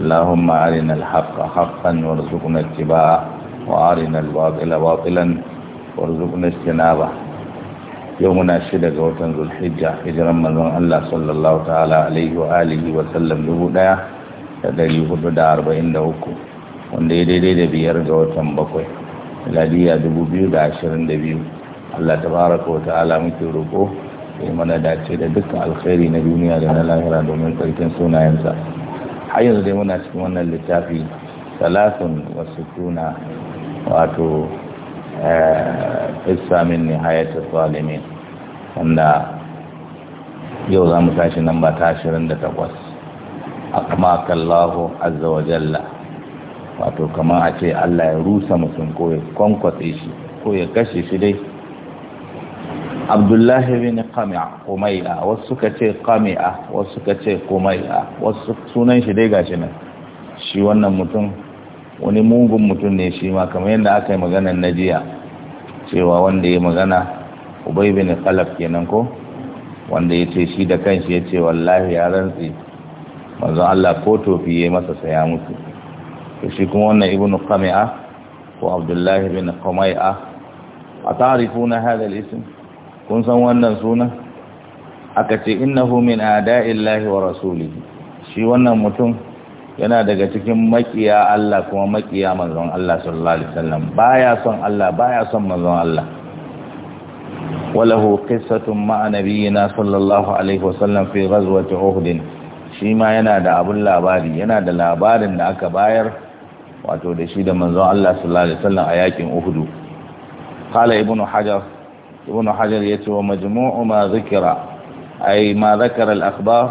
اللهم أرنا الحق حقا وارزقنا اتباعه وأرنا الباطل باطلا وارزقنا اجتنابه يومنا شدة وطن ذو الحجة هجرا من الله صلى الله تعالى عليه وآله وسلم لبدا تدري هدو دا أربعين دا أكو وندي دي دي دي بيار وطن بقوي لدي دبو بيو دا عشرين دبيو Allah tabaraka wa ta'ala muke roƙo ya mana dace da dukkan alkhairi na duniya da na lahira domin karfin sunayensa A yanzu dai muna cikin wannan littafi salasun wasu tuna wato eh, islamin ne hayata zalimin wanda yau za mu tashi nan ba ta ashirin da takwas akmaka Allahu azza wa jalla wato kamar a ce Allah ya rusa mutum ko ya kwankwatse shi ko ya kashe shi dai abdullahi bin kami'a kumai'a wasu suka ce kami'a wasu suka ce kumai'a wasu sunan shi dai gashi nan shi wannan mutum wani mugun mutum ne shi ma kamar yadda aka yi maganar najiya cewa wanda ya magana ubay bin khalaf kenan ko wanda ya ce shi da kanshi ya ce wallahi ya rantsi manzon Allah ko tofi ya masa saya mutu to shi kuma wannan ibnu kami'a ko abdullahi bin kumai'a a ta'rifuna hadha kun san wannan suna aka ce innahu min ada'illahi wa rasulihi shi wannan mutum yana daga cikin makiya Allah kuma makiya manzon Allah sallallahu alaihi wasallam baya son Allah baya son manzon Allah walahu qissatun ma'a nabiyina sallallahu alaihi wasallam fi ghazwati uhud shi ma yana da abun labari yana da labarin da aka bayar wato da shi da manzon Allah sallallahu alaihi wasallam a yakin uhud qala ibnu hajar ibn hajar yace wa majmu'u ma zikira ai ma zakara al-akhbar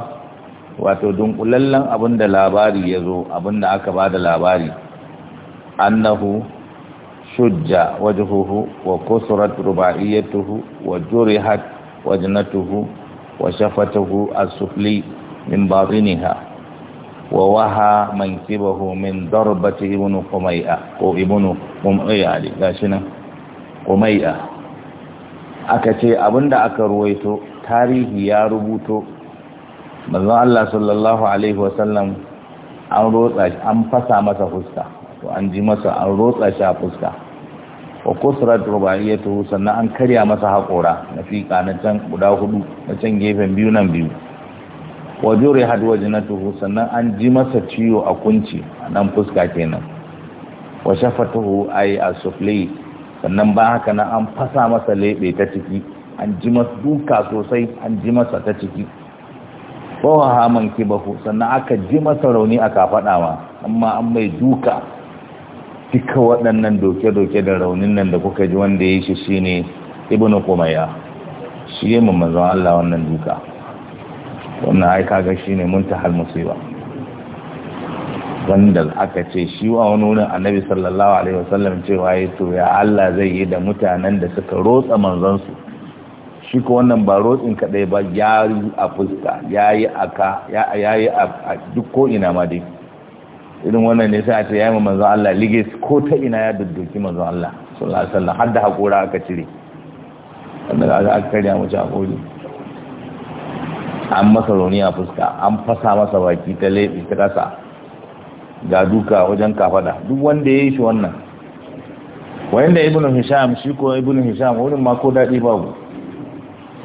wato dunkulallen abinda labari yazo abinda aka bada labari annahu shujja wajhuhu wa kusurat rubaiyatuhu wa jurihat wajnatuhu wa shafatuhu as-sufli min batiniha wa waha mankibahu min darbati ibn qumay'a ko ibn qumay'a gashi nan qumay'a aka ce abinda aka ruwaito tarihi ya rubuto mazan Allah sallallahu alaihi wasallam an rotsa an fasa masa fuska to an ji masa an rotsa shi a fuska wa kusrat tuhu sannan an karya masa haƙora na fiƙa na can guda hudu na can gefen biyu nan biyu wa na tuhu sannan an ji masa ciwo a kunci nan fuska kenan wa shafa tuhu a yi a asufli sannan ba haka nan an fasa masa leɓe ta ciki an ji masa duka sosai an ji masa ta ciki kowa haman kibahu sannan aka ji masa rauni a kafaɗawa amma an mai duka duka waɗannan doke-doke da raunin nan da kuka ji wanda ya shi shi ne ibn kumaya shi yi mazan Allah wannan duka wannan aika ga shi ne mun ta hal wanda aka ce shi wa wani wurin annabi sallallahu alaihi wasallam cewa ya to ya Allah zai yi da mutanen da suka rotsa manzansu shi ko wannan ba rotsin kadai ba ya yi a fuska ya yi a ya yi a duk ko ina ma dai irin wannan ne sai a ce ya yi manzon Allah ligis ko ta ina ya dudduki manzon Allah sallallahu alaihi wasallam har da hakora aka cire wannan aka karya mu ci hakori an masa rauni a fuska an fasa masa baki ta leɓe ta kasa ga duka wajen kafada duk wanda ya yi shi wannan wanda ibn hisham shi ko ibn hisham wurin ma ko daɗi babu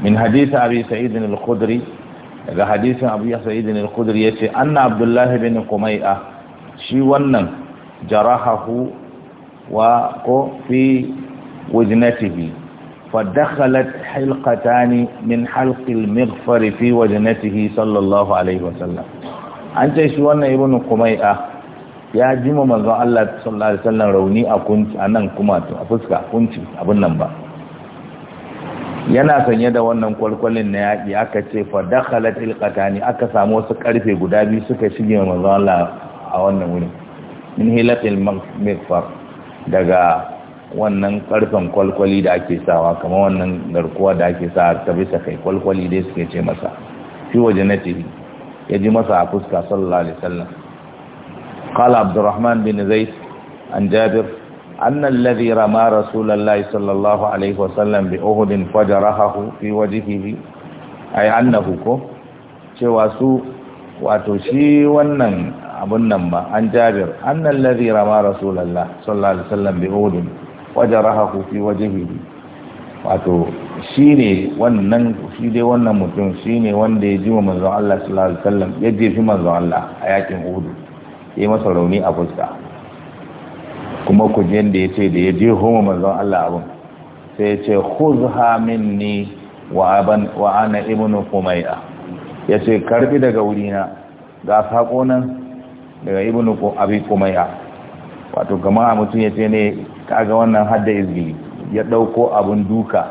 min hadisi abi sa'id al-khudri daga hadisin abu sa'id al-khudri yace anna abdullah bin qumai'a shi wannan jarahahu wa ko fi wajnatihi فدخلت حلقتان من حلق المغفر في وجنته صلى الله عليه وسلم an ce shi wannan ibn kumai'a ya ji ma manzon Allah sallallahu alaihi wasallam rauni a kunci a nan kuma to a fuska kunci abin nan ba yana sanye da wannan kwalkwalin na yaƙi aka ce fa dakhalat ilqatani aka samu wasu karfe guda biyu suka shige manzon Allah a wannan wurin min hilatil mikfar daga wannan karfen kwalkwali da ake sawa kamar wannan garkuwa da ake sa ta bisa kai kwalkwali dai suke ce masa fi waje na ya ji masa a fuska sallallahu alaihi wasallam قال عبد الرحمن بن زيد عن جابر أن الذي رمى رسول الله صلى الله عليه وسلم بأهد فجرحه في وجهه أي أنه كو شواسو واتوشي ونن أبنن ما عن جابر أن الذي رمى رسول الله صلى الله عليه وسلم بأهد فجرحه في وجهه wato shi ne wannan shi dai wannan mutum shi ne wanda ya ji wa manzon Allah sallallahu alaihi wasallam ya jefi manzon Allah a yakin Uhud ya masa rauni a fuska kuma ku da ya ce da ya je homa manzon Allah abun sai ya ce khuzha minni wa wa ana ibnu humayra ya ce karbi daga wurina ga sako nan daga ibnu abi humayra wato a mutum ya ce ne kaga wannan hadda izini ya ɗauko abun duka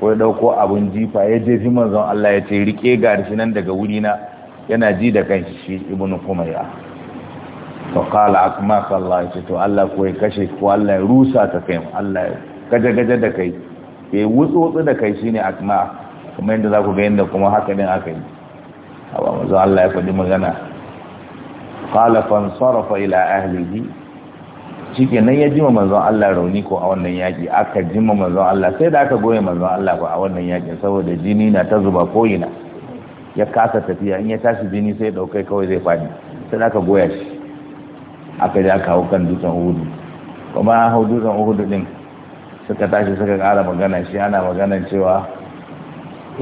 ko ya dauko abun jifa ya je fi manzon Allah ya ce rike ga nan daga wurina yana ji da kanshi ibnu humayra to a kuma sallah ce to Allah kuwa ya kashe ko Allah ya rusa ta kai Allah ya gaje gaje da kai ya wutsu da kai shine a kuma yadda za ku ga yadda kuma haka ne aka yi awa manzo Allah ya faɗi magana qala sarrafa ila ahlihi shike nan ya jima manzon Allah rauni ko a wannan yaki aka jima manzon Allah sai da aka goye manzon Allah ba a wannan yakin saboda jini na ta zuba ko ina ya kasa tafiya in ya tashi jini sai ɗaukai kawai zai fadi sai da aka goya shi aka ja kawo kan dutsen uhudu kuma hau dutsen uhudu din suka tashi suka ƙara magana shi ana magana cewa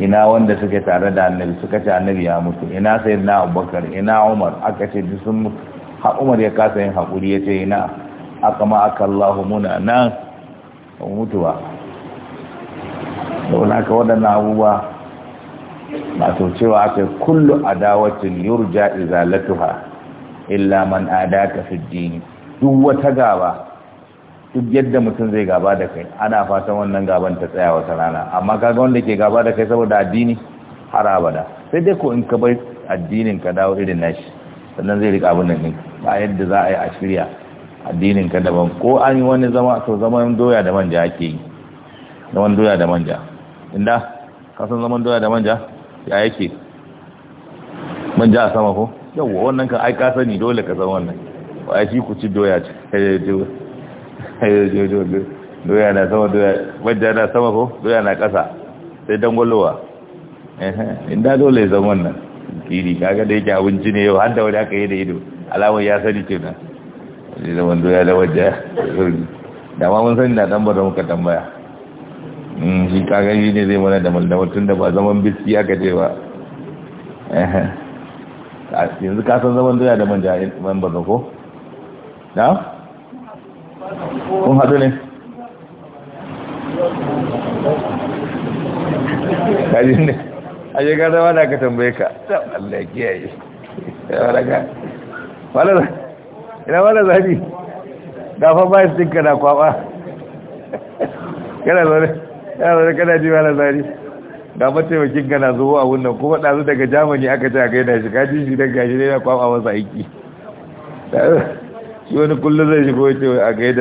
ina wanda suke tare da annabi suka ce annabi ya mutu ina sai na abubakar ina umar aka ce duk sun mutu ha umar ya kasa yin haƙuri ya ce ina aka ma aka allahu muna nan mutuwa don haka waɗannan abubuwa masu cewa aka kullu adawacin yurja izalatuha illa man adaka fi dini duk wata gaba duk yadda mutum zai gaba da kai ana fatan wannan gaban ta tsaya wata rana amma kaga wanda ke gaba da kai saboda addini har abada sai dai ko in ka bai addinin ka dawo irin nashi sannan zai rika abin nan ba yadda za a yi a shirya addinin ka daban ko an yi wani zama to zaman doya da manja ake yi zaman doya da manja inda ka san zaman doya da manja ya yake manja a sama ko yawwa wannan kan ai ka sani dole ka san wannan ba shi ku ci doya ce doya na sama doya wajja na sama ko doya na ƙasa sai dangwalowa inda dole ya zama wannan kiri kaga da yake abinci ne yau har da wani aka yi da ido alamun ya sani ce na zai zama doya da wajja da ma mun sani na dan bada muka tambaya hmm, shi kaga shi ne zai mana da mallamatun tun da ba zaman biski aka ce ba yanzu ka san zaman doya da manja man ko na kun haɗu ne kaji ne a shekar zama da aka tambaye ka ta Allah kiyaye ina wala zafi gafa bayan ba na kwaɓa kana zaune kana zaune kana ji wala zafi ga mataimakin na zuwa wannan kuma ɗazu daga jamani aka ce a kai da shi ji shi daga shi ne na kwamfa masa aiki shi wani kullum zai shigo ce a kai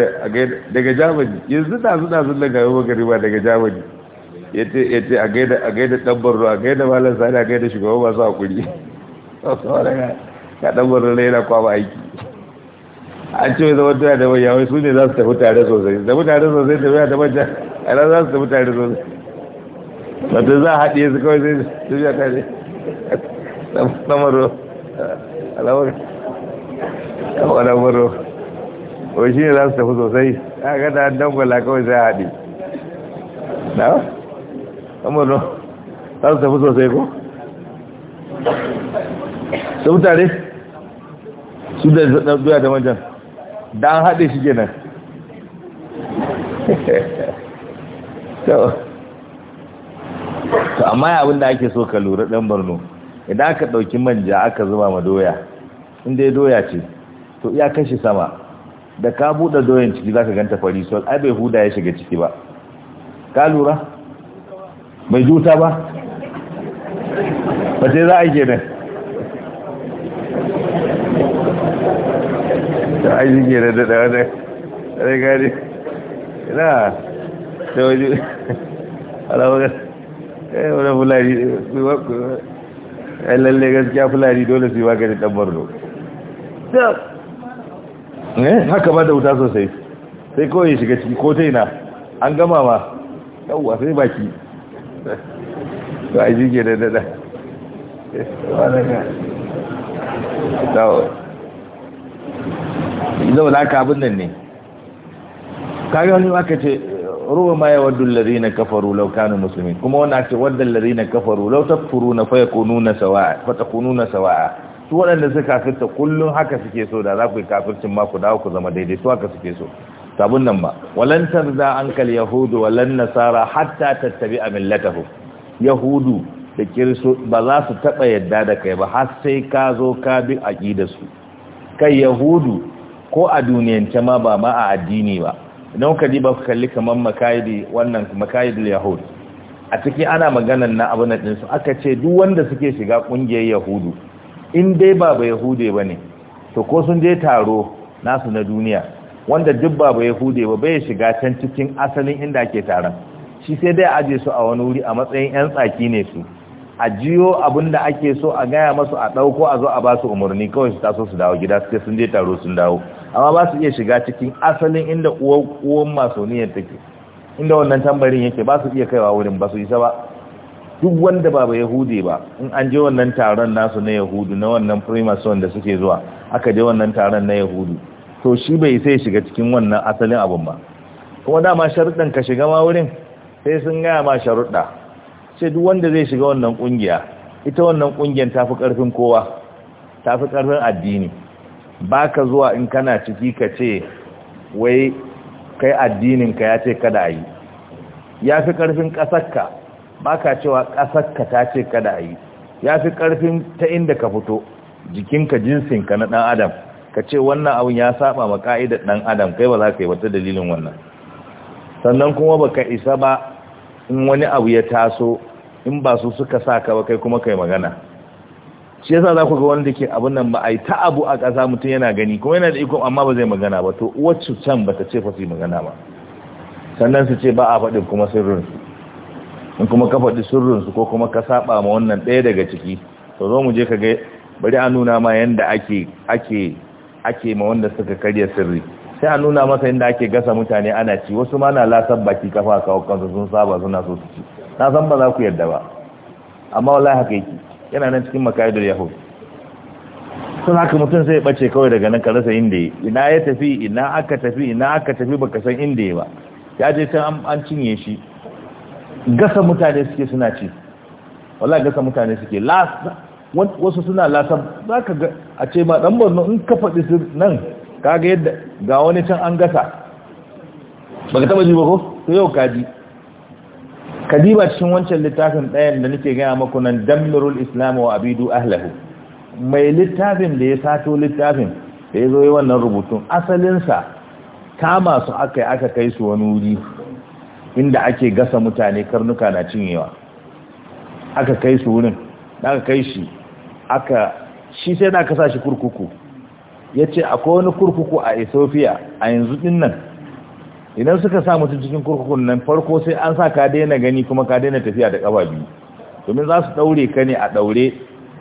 daga jamani yanzu ɗazu ɗazu daga yau magari ba daga jamani ya ce a gaida a gaida ɗan borno a da malar sani a da shugaban masu hakuri ka ɗan borno na yana kwamfa aiki an ce wai zama tana da mai wai su ne za su tafi tare sosai da tare sosai tafiya da manja a za su tafi tare sosai wata za a haɗe su kawai sai su ya kare samaro alamar o shi ne za su tafi sosai a gada an dangwala kawai sai a haɗe na amurno za su tafi sosai ko su mutane su da zuwa da manjan da an haɗe shi nan to amma abin da ake so ka lura dan barno idan aka dauki manja aka zuba ma doya in dai doya ce to iya kashi sama da ka bude doyan ciki zaka ganta fari so ai bai huda ya shiga ciki ba ka lura bai juta ba ba sai za a yi nan da aji ke da daɗa wani rai gari na da waje alawagar Eh, wani fulani ɗan eh, lalle gaskiya fulani dole su yi maganin ɗan barno eh, haka ba da wuta sosai sai kawai ya shiga ciki ko ta ina an gama ma yauwa sai baki to a shi ke da dada zaune aka abin nan ne kayan aka ce ruwa ma lari na kafaru laukanin musulmi kuma wani ake wadda na kafaru law takfuruna fa yakununa sawa'a fa sawa'a su waɗanda suka kafirta kullun haka suke so da za ku yi kafircin ma ku dawo ku zama daidai su haka suke so sabun nan ba za an kal yahudu walan nasara hatta tattabi a millatahu yahudu da kirso ba za su taɓa yadda da kai ba har sai ka zo ka bi aqidarsu kai yahudu ko a duniyance ma ba ma a addini ba idan ka diba ka kalli kamar makayidi wannan makayidi yahud a ciki ana maganan na abin na su aka ce duk wanda suke shiga kungiyar yahudu in dai ba ba yahude bane to ko sun je taro nasu na duniya wanda duk ba ba yahude ba bai shiga can cikin asalin inda ake taron shi sai dai aje su a wani wuri a matsayin yan tsaki ne su a jiyo abin da ake so a gaya masu a ɗauko a zo a ba su umarni kawai su taso su dawo gida sai sun je taro sun dawo amma ba su iya shiga cikin asalin inda uwan masoniyar take inda wannan tambarin yake ba su iya kaiwa wurin ba su isa ba duk wanda ba ba yahudi ba in an je wannan taron nasu na yahudu na wannan primason da suke zuwa aka je wannan taron na yahudu to shi bai sai shiga cikin wannan asalin abin ba kuma dama sharuɗan ka shiga ma wurin sai sun gaya ma sharuɗa sai duk wanda zai shiga wannan ƙungiya ita wannan ƙungiyar ta fi ƙarfin kowa ta fi ƙarfin addini baka zuwa in kana ciki ka ce wai kai addininka ya ce kada a yi ya fi ƙarfin ƙasarka baka cewa ƙasarka ta ce kada a yi ya fi ƙarfin ta inda ka fito jikinka jinsinka na ɗan adam ka ce wannan abin ya saba ma ka'idar ɗan adam kai ba za ka yi wata dalilin wannan sannan kuma baka isa ba in wani abu ya taso in ba su suka sa ka ba kai kuma kai magana shi yasa za ku ga wanda ke abun nan ba a yi ta abu a ƙasa mutum yana gani kuma yana da iko amma ba zai magana ba to wacce can ba ta ce fa su magana ba sannan su ce ba a faɗin kuma sirrinsu in kuma ka faɗi sirrin su ko kuma ka saba ma wannan ɗaya daga ciki to zo mu je ka ga bari a nuna ma yanda ake ake ake ma wanda suka karya sirri sai a nuna masa yanda ake gasa mutane ana ci wasu ma na lasar baki kafa kawo kansu sun saba suna so su ci na san ba za ku yarda ba amma wallahi haka yake yana nan cikin makayidar yahud sun haka mutum sai bace kawai daga nan karasa inda yi ina ya tafi ina aka tafi ina aka tafi baka san inda yi ba ya je can an cinye shi gasa mutane suke suna ci wala gasa mutane suke wasu suna lasa za ka ga a ce ma ɗan borno in ka faɗi su nan ga yadda ga wani can an gasa baka taba ji ba ko yau yau ji. kadiba cikin wancan littafin ɗayan da nake gaya maku nan damirul islam wa abidu ahlahu mai littafin da ya sato littafin da ya zo yi wannan rubutun asalinsa kama su aka yi aka kai su wani wuri inda ake gasa mutane karnuka na cinyewa aka kai su wurin aka kai shi aka shi sai da aka shi kurkuku ya ce akwai wani kurkuku a ethiopia a yanzu ɗin nan idan suka sa mutum cikin kurkukun nan farko sai an sa ka daina gani kuma ka daina tafiya da ƙaba biyu domin za su ɗaure ka ne a ɗaure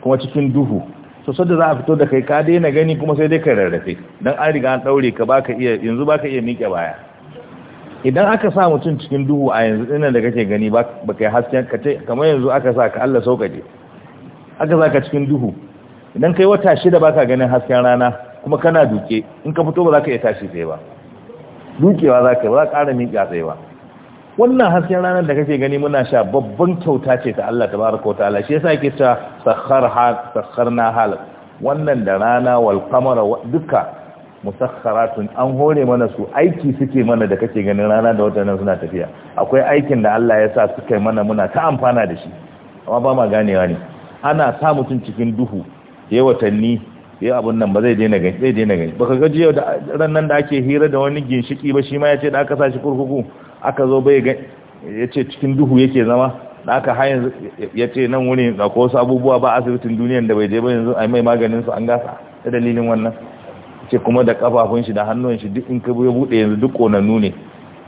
kuma cikin duhu so sadda za a fito da kai ka daina gani kuma sai dai ka rarrafe don an riga an ɗaure ka baka iya yanzu baka iya miƙe baya idan aka sa mutum cikin duhu a yanzu ɗinan da kake gani ba kai hasken ka ce kamar yanzu aka sa ka Allah sauƙaƙe aka sa ka cikin duhu idan kai wata shida baka ganin hasken rana kuma kana duke in ka fito ba za ka iya tashi sai ba dukewa za ka ba za ƙara miƙa tsayewa wannan hasken ranar da kake gani muna sha babban kyauta ce ta Allah tabaraka wa ta'ala shi yasa yake ta sakhar ha sakharna hal wannan da rana wal qamara duka musakharatun an hore mana su aiki suke mana da kake ganin rana da wata nan suna tafiya akwai aikin da Allah ya sa suke mana muna ta amfana da shi amma ba ma ganewa ne ana sa mutum cikin duhu ya watanni ya abun nan ba zai daina gani zai daina gani baka ga jiya da nan da ake hira da wani ginshiki ba shi ma ya ce da aka sashi kurkuku aka zo bai gani ya ce cikin duhu yake zama da aka hayan ya ce nan wuni na ko wasu abubuwa ba asibitin duniyan da bai je ba yanzu a mai maganin su an gasa da dalilin wannan ce kuma da kafafun shi da hannun shi duk in ka ya bude yanzu duk konannu ne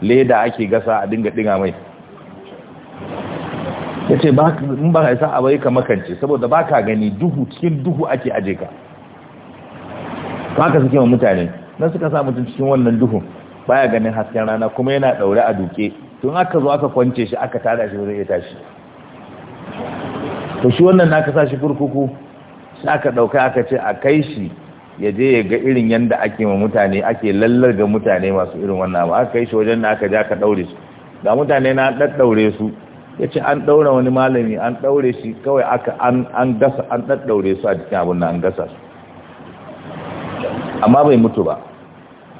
leda ake gasa a dinga dinga mai ya ce ba ka isa abai ka makance saboda ba ka gani duhu cikin duhu ake aje ka haka suke wa mutane nan suka sa mutum cikin wannan duhu baya ganin hasken rana kuma yana daure a duke tun aka zo aka kwance shi aka tada shi zai tashi to shi wannan naka sa shi kurkuku sai aka dauka aka ce a kai shi ya je ya ga irin yanda ake ma mutane ake lallar ga mutane masu irin wannan ba aka kai shi wajen da aka ja ka daure su ga mutane na daddaure su ya ce an daura wani malami an daure shi kawai aka an gasa an daddaure su a cikin abin nan an gasa su amma bai mutu ba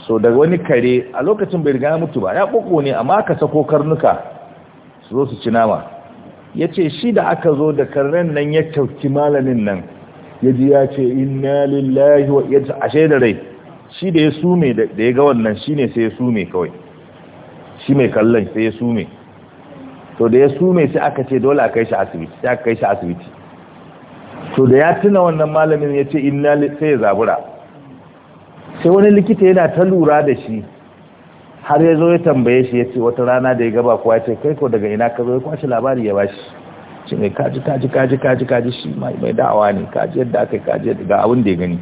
so daga wani kare a lokacin bai riga mutu ba ya koko ne amma aka sako karnuka su zo su ci nama ya ce shi da aka zo da karnan nan ya kyauki malamin nan ya ji ya ce inna lillahi wa iya ashe da rai shi da ya sume da ya ga wannan shi ne sai ya sume kawai shi mai kallon sai ya sume to da ya sume sai aka ce dole a kai shi asibiti sai aka kai shi asibiti to da ya tuna wannan malamin ya ce inna sai ya zabura sai wani likita yana ta lura da shi har ya zo ya tambaye shi ya ce wata rana da ya gaba kuwa ce kai ko daga ina ka zo ya kwashi labari ya bashi shi mai kaji kaji kaji kaji kaji shi mai da'awa ne kaji yadda aka kaji yadda ga abin da ya gani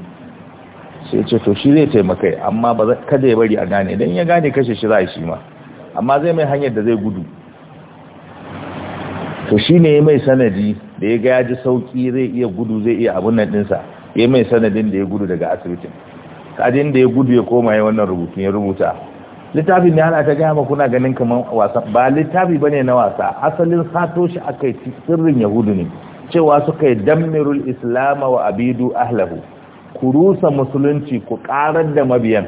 sai ce to shi zai taimaka amma ba kada ya bari a gane idan ya gane kashe shi za shi ma amma zai mai hanyar da zai gudu to shi ne mai sanadi da ya ga ya ji sauki zai iya gudu zai iya abun nan ɗinsa ya mai sanadin da ya gudu daga asibitin kajin da ya gudu ya koma ya wannan rubutu ya rubuta littafin ne ana ta gama kuna ganin kamar wasa ba littafi bane na wasa asalin sato shi aka yi sirrin yahudu ne cewa suka yi dammirul islama wa abidu ahlahu ku rusa musulunci ku karar da mabiyan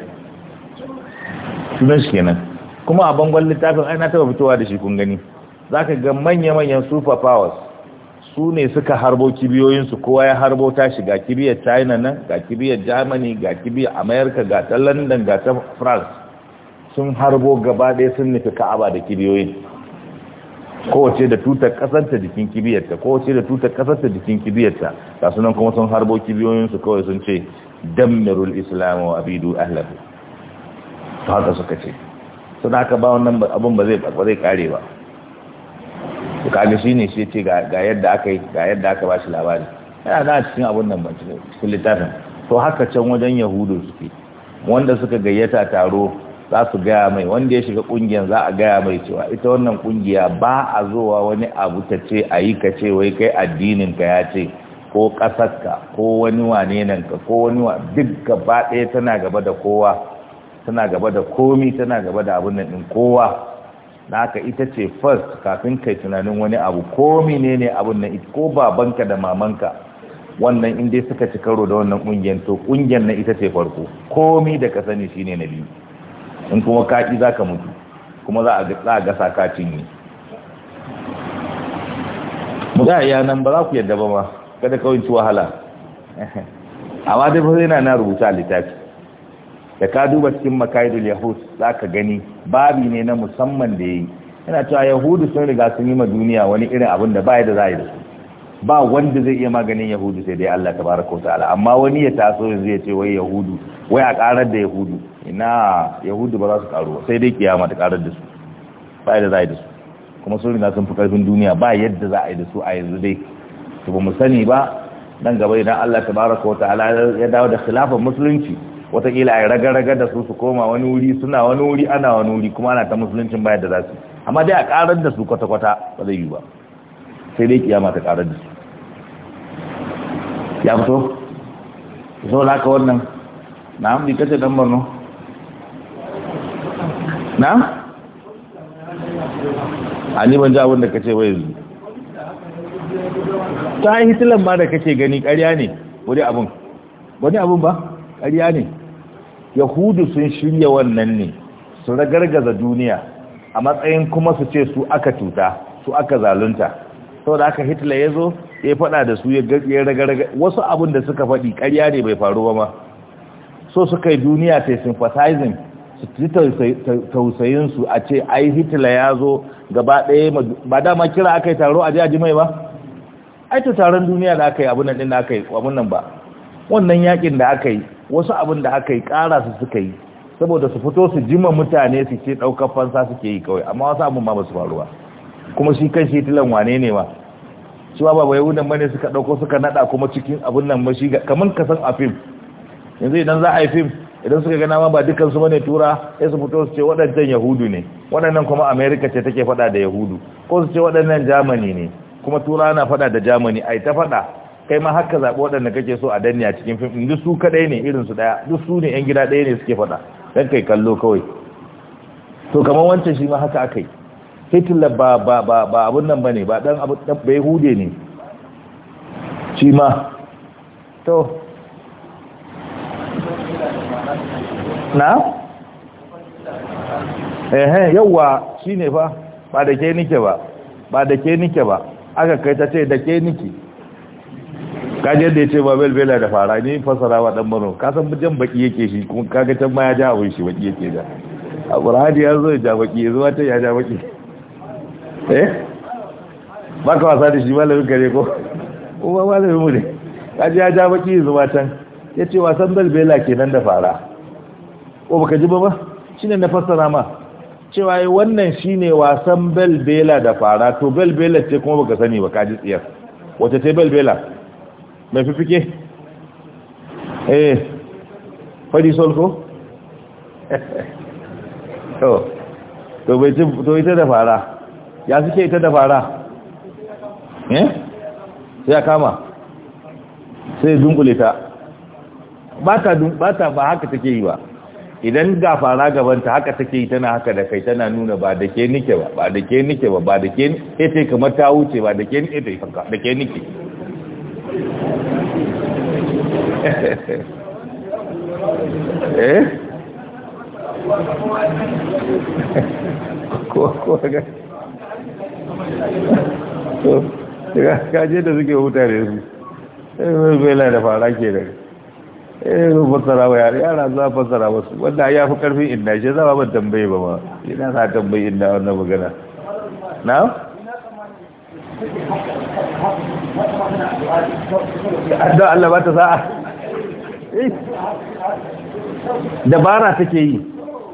sunan shi kenan kuma a bangon littafin ai na taba fitowa da shi kun gani zaka ga manya-manyan super powers su ne suka harbo kibiyoyinsu kowa ya harbo ta shi ga kibiyar china nan ga kibiyar germany ga kibiyar america ga ta london ga ta france sun harbo gaba ɗaya sun nufi ka'aba da kibiyoyin kowace da tutar kasanta jikin kibiyarta kowace da tutar kasanta jikin kibiyarta ga sunan kuma sun harbo kibiyoyinsu kawai sun ce dammirul islam wa abidu ahlabu to haka suka ce suna ka ba wannan abin ba zai kare ba kaga shi ne shi ce ga yadda aka yi ga yadda aka ba shi labari yana da cikin abun nan ban cikin littafin to haka can wajen yahudu suke wanda suka gayyata taro za su gaya mai wanda ya shiga kungiyar za a gaya mai cewa ita wannan kungiya ba a zowa wani abu ta ce a yi ka ce wai kai addinin ka ya ce ko ƙasarka ko wani wane nan ka ko wani wa duk gaba ɗaya tana gaba da kowa tana gaba da komi tana gaba da abin nan din kowa da haka ita ce first kafin kai tunanin wani abu ko menene abun na ita ko babanka da mamanka wannan inda suka ci karo da wannan kungiyar to kungiyar na ita ce farko komi da ka sani shine na biyu in kuma za zaka mutu kuma za a ga za a ga saka mu ga ya nan ba za ku yadda ba ma kada kawai ci wahala amma dai ba zai na rubuta littafi da ka duba cikin makaidul yahud za ka gani babi ne na musamman da ya yi yana cewa yahudu sun riga sun yi ma duniya wani irin abin da ba da za yi da su ba wanda zai iya maganin yahudu sai dai Allah tabaraka ta'ala amma wani ya taso yanzu ya ce wai yahudu wai a karar da yahudu ina yahudu ba za su karu sai dai kiyama ta karar da su ba yadda za a yi da su kuma sun riga sun fi karfin duniya ba yadda za a yi da su a yanzu dai to ba mu sani ba nan gaba idan Allah tabaraka ta'ala ya dawo da khilafar musulunci watakila a raga-raga da su su koma wani wuri suna wani wuri ana wani wuri kuma ana ta musuluncin bayan da za su amma dai a karar da su kwata-kwata ba zai yi ba sai dai kiyama ta karar da su ya fito so laka wannan na amdi kace dan barno na ani ban ji abin da kace ba yanzu ta hitilan ma da kace gani karya ne wani abun wani ba karya ne yahudu sun shirya wannan ne su ragargaza duniya a matsayin kuma su ce su aka cuta su aka zalunta sau da aka hitler ya zo ya faɗa da su ya ragargaza wasu abin da suka faɗi karya ne bai faru ba ma so suka yi duniya ta sympathizing su ci tausayinsu a ce ai hitler ya zo gaba ɗaya ba dama kira aka yi taro a ji a ji mai ba ai ta taron duniya da aka yi abin nan ɗin da aka yi abin nan ba wannan yakin da aka yi wasu abin da aka yi kara su suka yi saboda su fito su jima mutane su ce ɗaukar fansa suke yi kawai amma wasu abin ma ba su faruwa kuma shi kan shi tilan wane ne ma shi ba ba yahudan bane suka ɗauko suka nada kuma cikin abin nan mashi kamar ka san a fim yanzu idan za a yi fim idan suka gana ma ba su bane tura sai su fito su ce waɗancan yahudu ne waɗannan kuma amerika ce take faɗa da yahudu ko su ce waɗannan jamani ne kuma tura na faɗa da jamani ai ta faɗa kai ma haka zaɓi waɗanda kake so a danne a cikin fim duk su kaɗai ne irinsu ɗaya duk su ne 'yan gida ɗaya ne suke faɗa don kai kallo kawai to kamar wancan shi ma haka aka yi hitler ba ba ba ba abun nan ba ne ba ɗan abu ɗan bai hude ne shi ma to na? ehe yauwa shi ne fa ba da ke nike ba ba da ke nike ba aka kai ta ce da ke nike kaji yadda ya ce babel bela da fara ne fasara wa dan mano ka san jan baki yake shi kuma kaga can ma ya ja abin shi baki yake da aburhadi ya zo ya ja baki ya zuwa ta ya ja baki eh ba ka wasa da shi malamin kare ko kuma malamin mu ne kaji ya ja baki ya zuwa can ya ce wasan ke kenan da fara ko baka ji ba ba shine na fassara ma cewa yi wannan shi ne wasan bela da fara to bela ce kuma baka sani ba kaji tsiyar wata ce bela. mai fifike eh fadi solko to to bai to ita da fara ya suke ita da fara eh sai kama sai dunkule ta ba ta ba ta ba haka take yi ba idan ga fara gabanta haka take yi tana haka da kai tana nuna ba da ke nike ba ba da ke nike ba ba da ke ita kamar ta wuce ba da ke ita da ke nike eh kaje da suke huta da su eh bela da fara ke da eh fassara wa yara yara za fassara wasu wanda ya fi karfin inda shi za ba tambaye ba ma ina sa tambaye inda wannan magana na da Allah ba ta sa'a Eh. dabara take yi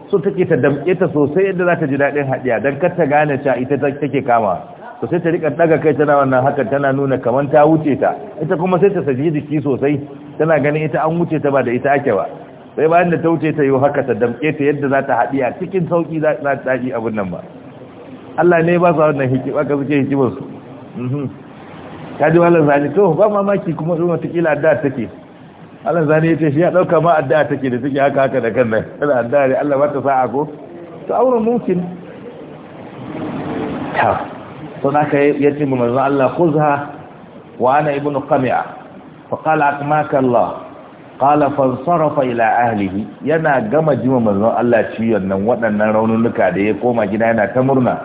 so take ta damke ta sosai yadda za ta ji daɗin haɗiya don kar ta gane ca ita take kama to sai ta rika ɗaga kai tana wannan hakan tana nuna kamar ta wuce ta ita kuma sai ta saji jiki sosai tana ganin ita an wuce ta ba da ita ake ba sai bayan da ta wuce ta yi haka ta damke ta yadda za ta haɗiya cikin sauƙi za ta ɗaɗi abin nan ba Allah ne ba su wannan hikima ka suke hikimarsu ta mhm. ji wannan zane to ba mamaki kuma ɗin kila da take Allah zane ya shi ya dauka ma addu'a take da take haka haka da kan nan kana addu'a ne Allah ba sa'a ko to aure mumkin ta to yi yace mu mazan Allah za, wa ana ibnu qami'a fa qala kuma Allah qala fansarafa ila ahlihi yana gama jima manzon Allah ciwon nan waɗannan raununuka da ya koma gida yana ta murna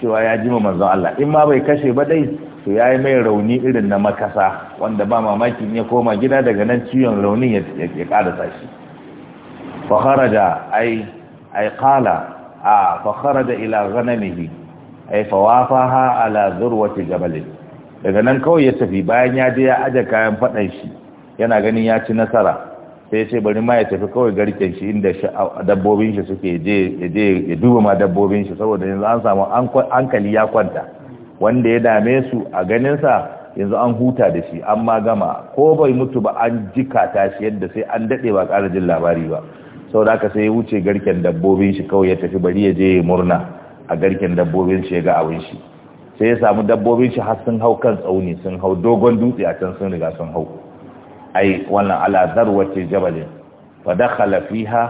cewa ya ji manzon Allah in ma bai kashe ba dai to ya yi mai rauni irin na makasa wanda ba mamaki ya koma gida daga nan ciwon raunin ya karasa shi fakharaja ai ai qala a fakharaja ila ghanamihi ai fawafaha ala zurwati jabalin daga nan kawai ya tafi bayan ya je ya aje kayan fadan shi yana ganin ya ci nasara sai ce bari ma ya tafi kawai garken shi inda dabbobin shi suke je ya duba ma dabbobin shi saboda yanzu an samu hankali ya kwanta wanda ya dame su a ganinsa yanzu an huta da shi an ma gama ko bai mutu ba an ta shi yadda sai an daɗe ba ƙara jin labari ba sau da aka sai ya wuce garken dabbobin shi kawai ya tafi bari ya je ya murna a garken dabbobin shi ya ga abin shi sai ya samu dabbobin shi har sun hau kan tsauni sun hau dogon dutse a can sun riga sun hau ai wannan ala zarwati jabalin fa dakhala fiha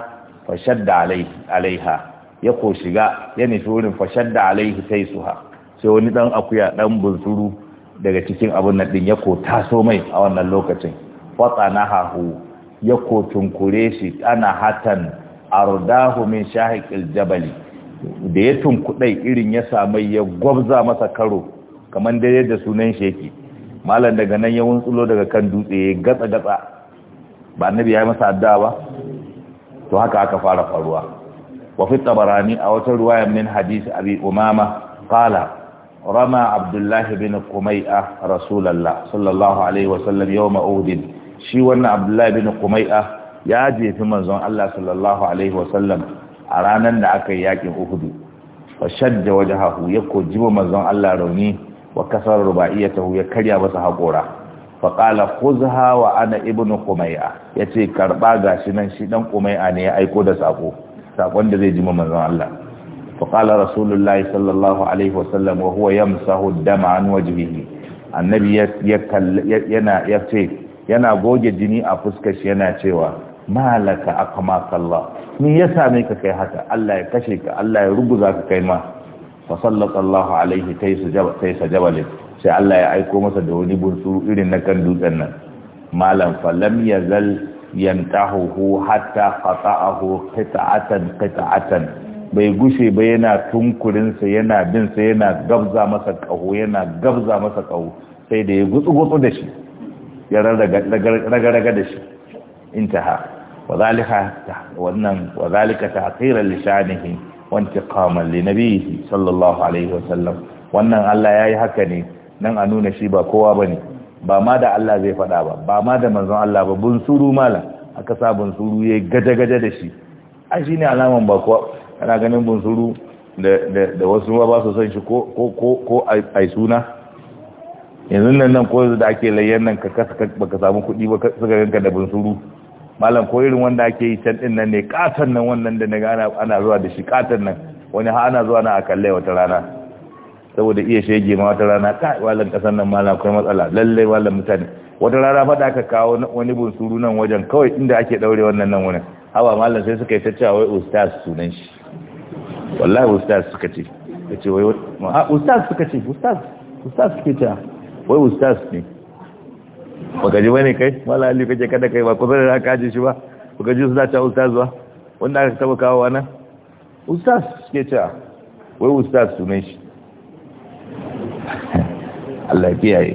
fa shadda alaihi alaiha ya ko shiga ya nufi wurin fa shadda alaihi sai suha sai wani dan akuya dan bunsuru daga cikin abun nan din ya ko taso mai a wannan lokacin fa tsanahu ya ko tunkure shi ana hatan ardahu min shahiqil jabali da ya tunkudai irin ya samai ya gwabza masa karo kamar dai da sunan shi yake malam daga nan ya wuntsulo daga kan dutse gatsa gatsa ba annabi ya yi masa addu'a ba to haka aka fara faruwa wa fi tabarani a wata ruwaya min hadisi abi umama qala rama abdullahi bin qumai'a Rasulallah sallallahu alaihi wa sallam yawma uhud shi wannan abdullahi bin qumai'a ya jefi manzon Allah sallallahu alaihi wa sallam a ranar da aka yi yakin uhudu fa shadda wajhahu ya kojiba manzon Allah rauni wa kasar rubaiyatahu ya karya masa haƙora qala khuzha wa ana ibnu kumaia yace karba gashi nan shi dan qumai'a ne ya aiko da sako sakon da zai ji manzon Allah qala rasulullahi sallallahu alaihi wasallam wa huwa yamsahu dama an wajhihi annabi yana yace yana goge jini a fuskar shi yana cewa malaka akama sallah ni yasa ne ka kai haka Allah ya kashe ka Allah ya rubuza ka kai ma fasallata Allah alaihi kai sa jabalin sai Allah ya aiko masa da wani bunsuru irin na kan dutsen nan malam falam ya zal yantahuhu hatta qata'ahu qita'atan qita'atan bai gushe ba yana tunkurin sa yana bin sa yana gabza masa kaho yana gabza masa kaho sai da ya gutsu gutsu da shi ya raga raga da shi intaha wa zalika wannan wa zalika ta'thiran li shanihi wantiqaman li nabihi sallallahu alaihi wasallam wannan Allah ya yi haka ne nan a nuna shi ba kowa bane ba ma da Allah zai fada ba ba ma da manzon Allah ba suru mala aka sa suru ya gaje-gaje da shi a ne alaman ba kowa kana ganin bun da da wasu ba ba su san shi ko ko ko ai suna yanzu nan nan ko da ake layyan nan ka kasa baka samu kuɗi ba suka ganka da suru malam ko irin wanda ake yi can dinnan nan ne katon nan wannan da naga ana ana zuwa da shi katon nan wani ha ana zuwa na a kalle wata rana saboda iya shege ma wata rana kai wallan kasan nan malam akwai matsala lalle wallan mutane wata rana fa da aka kawo wani bunsuru nan wajen kawai inda ake daure wannan nan wani hawa malam sai suka yi ta cewa wai ustaz sunan shi wallahi ustaz suka ce kace wai ustaz suka ce ustaz ustaz suke ta wai ustaz ne baka ji bane kai mala ali kake kada kai ba kusa da ka ji shi ba baka ji su da ta ustaz ba wanda aka taba kawo wa nan ustaz ke ta ah, wai ustaz sunan shi Allah ya kiyaye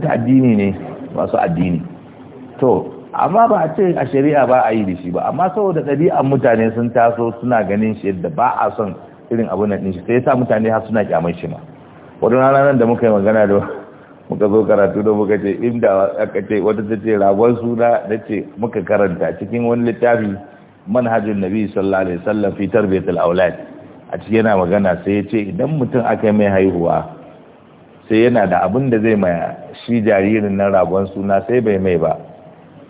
ta addini ne masu addini to amma ba a ce a shari'a ba a yi da shi ba amma saboda ɗabi'an mutane sun taso suna ganin shi yadda ba a son irin abu nan ɗin shi sai ya sa mutane har suna kyaman shi ma wani rana nan da muka yi magana da muka zo karatu da muka ce inda aka ce wata ta ce ragon suna da ce muka karanta cikin wani littafi manhajin nabi sallallahu alaihi wasallam fi tarbiyatul aulad a cikin yana magana sai ya ce idan mutum aka mai haihuwa sai yana da abin da zai mai shi jaririn nan ragon suna sai bai mai ba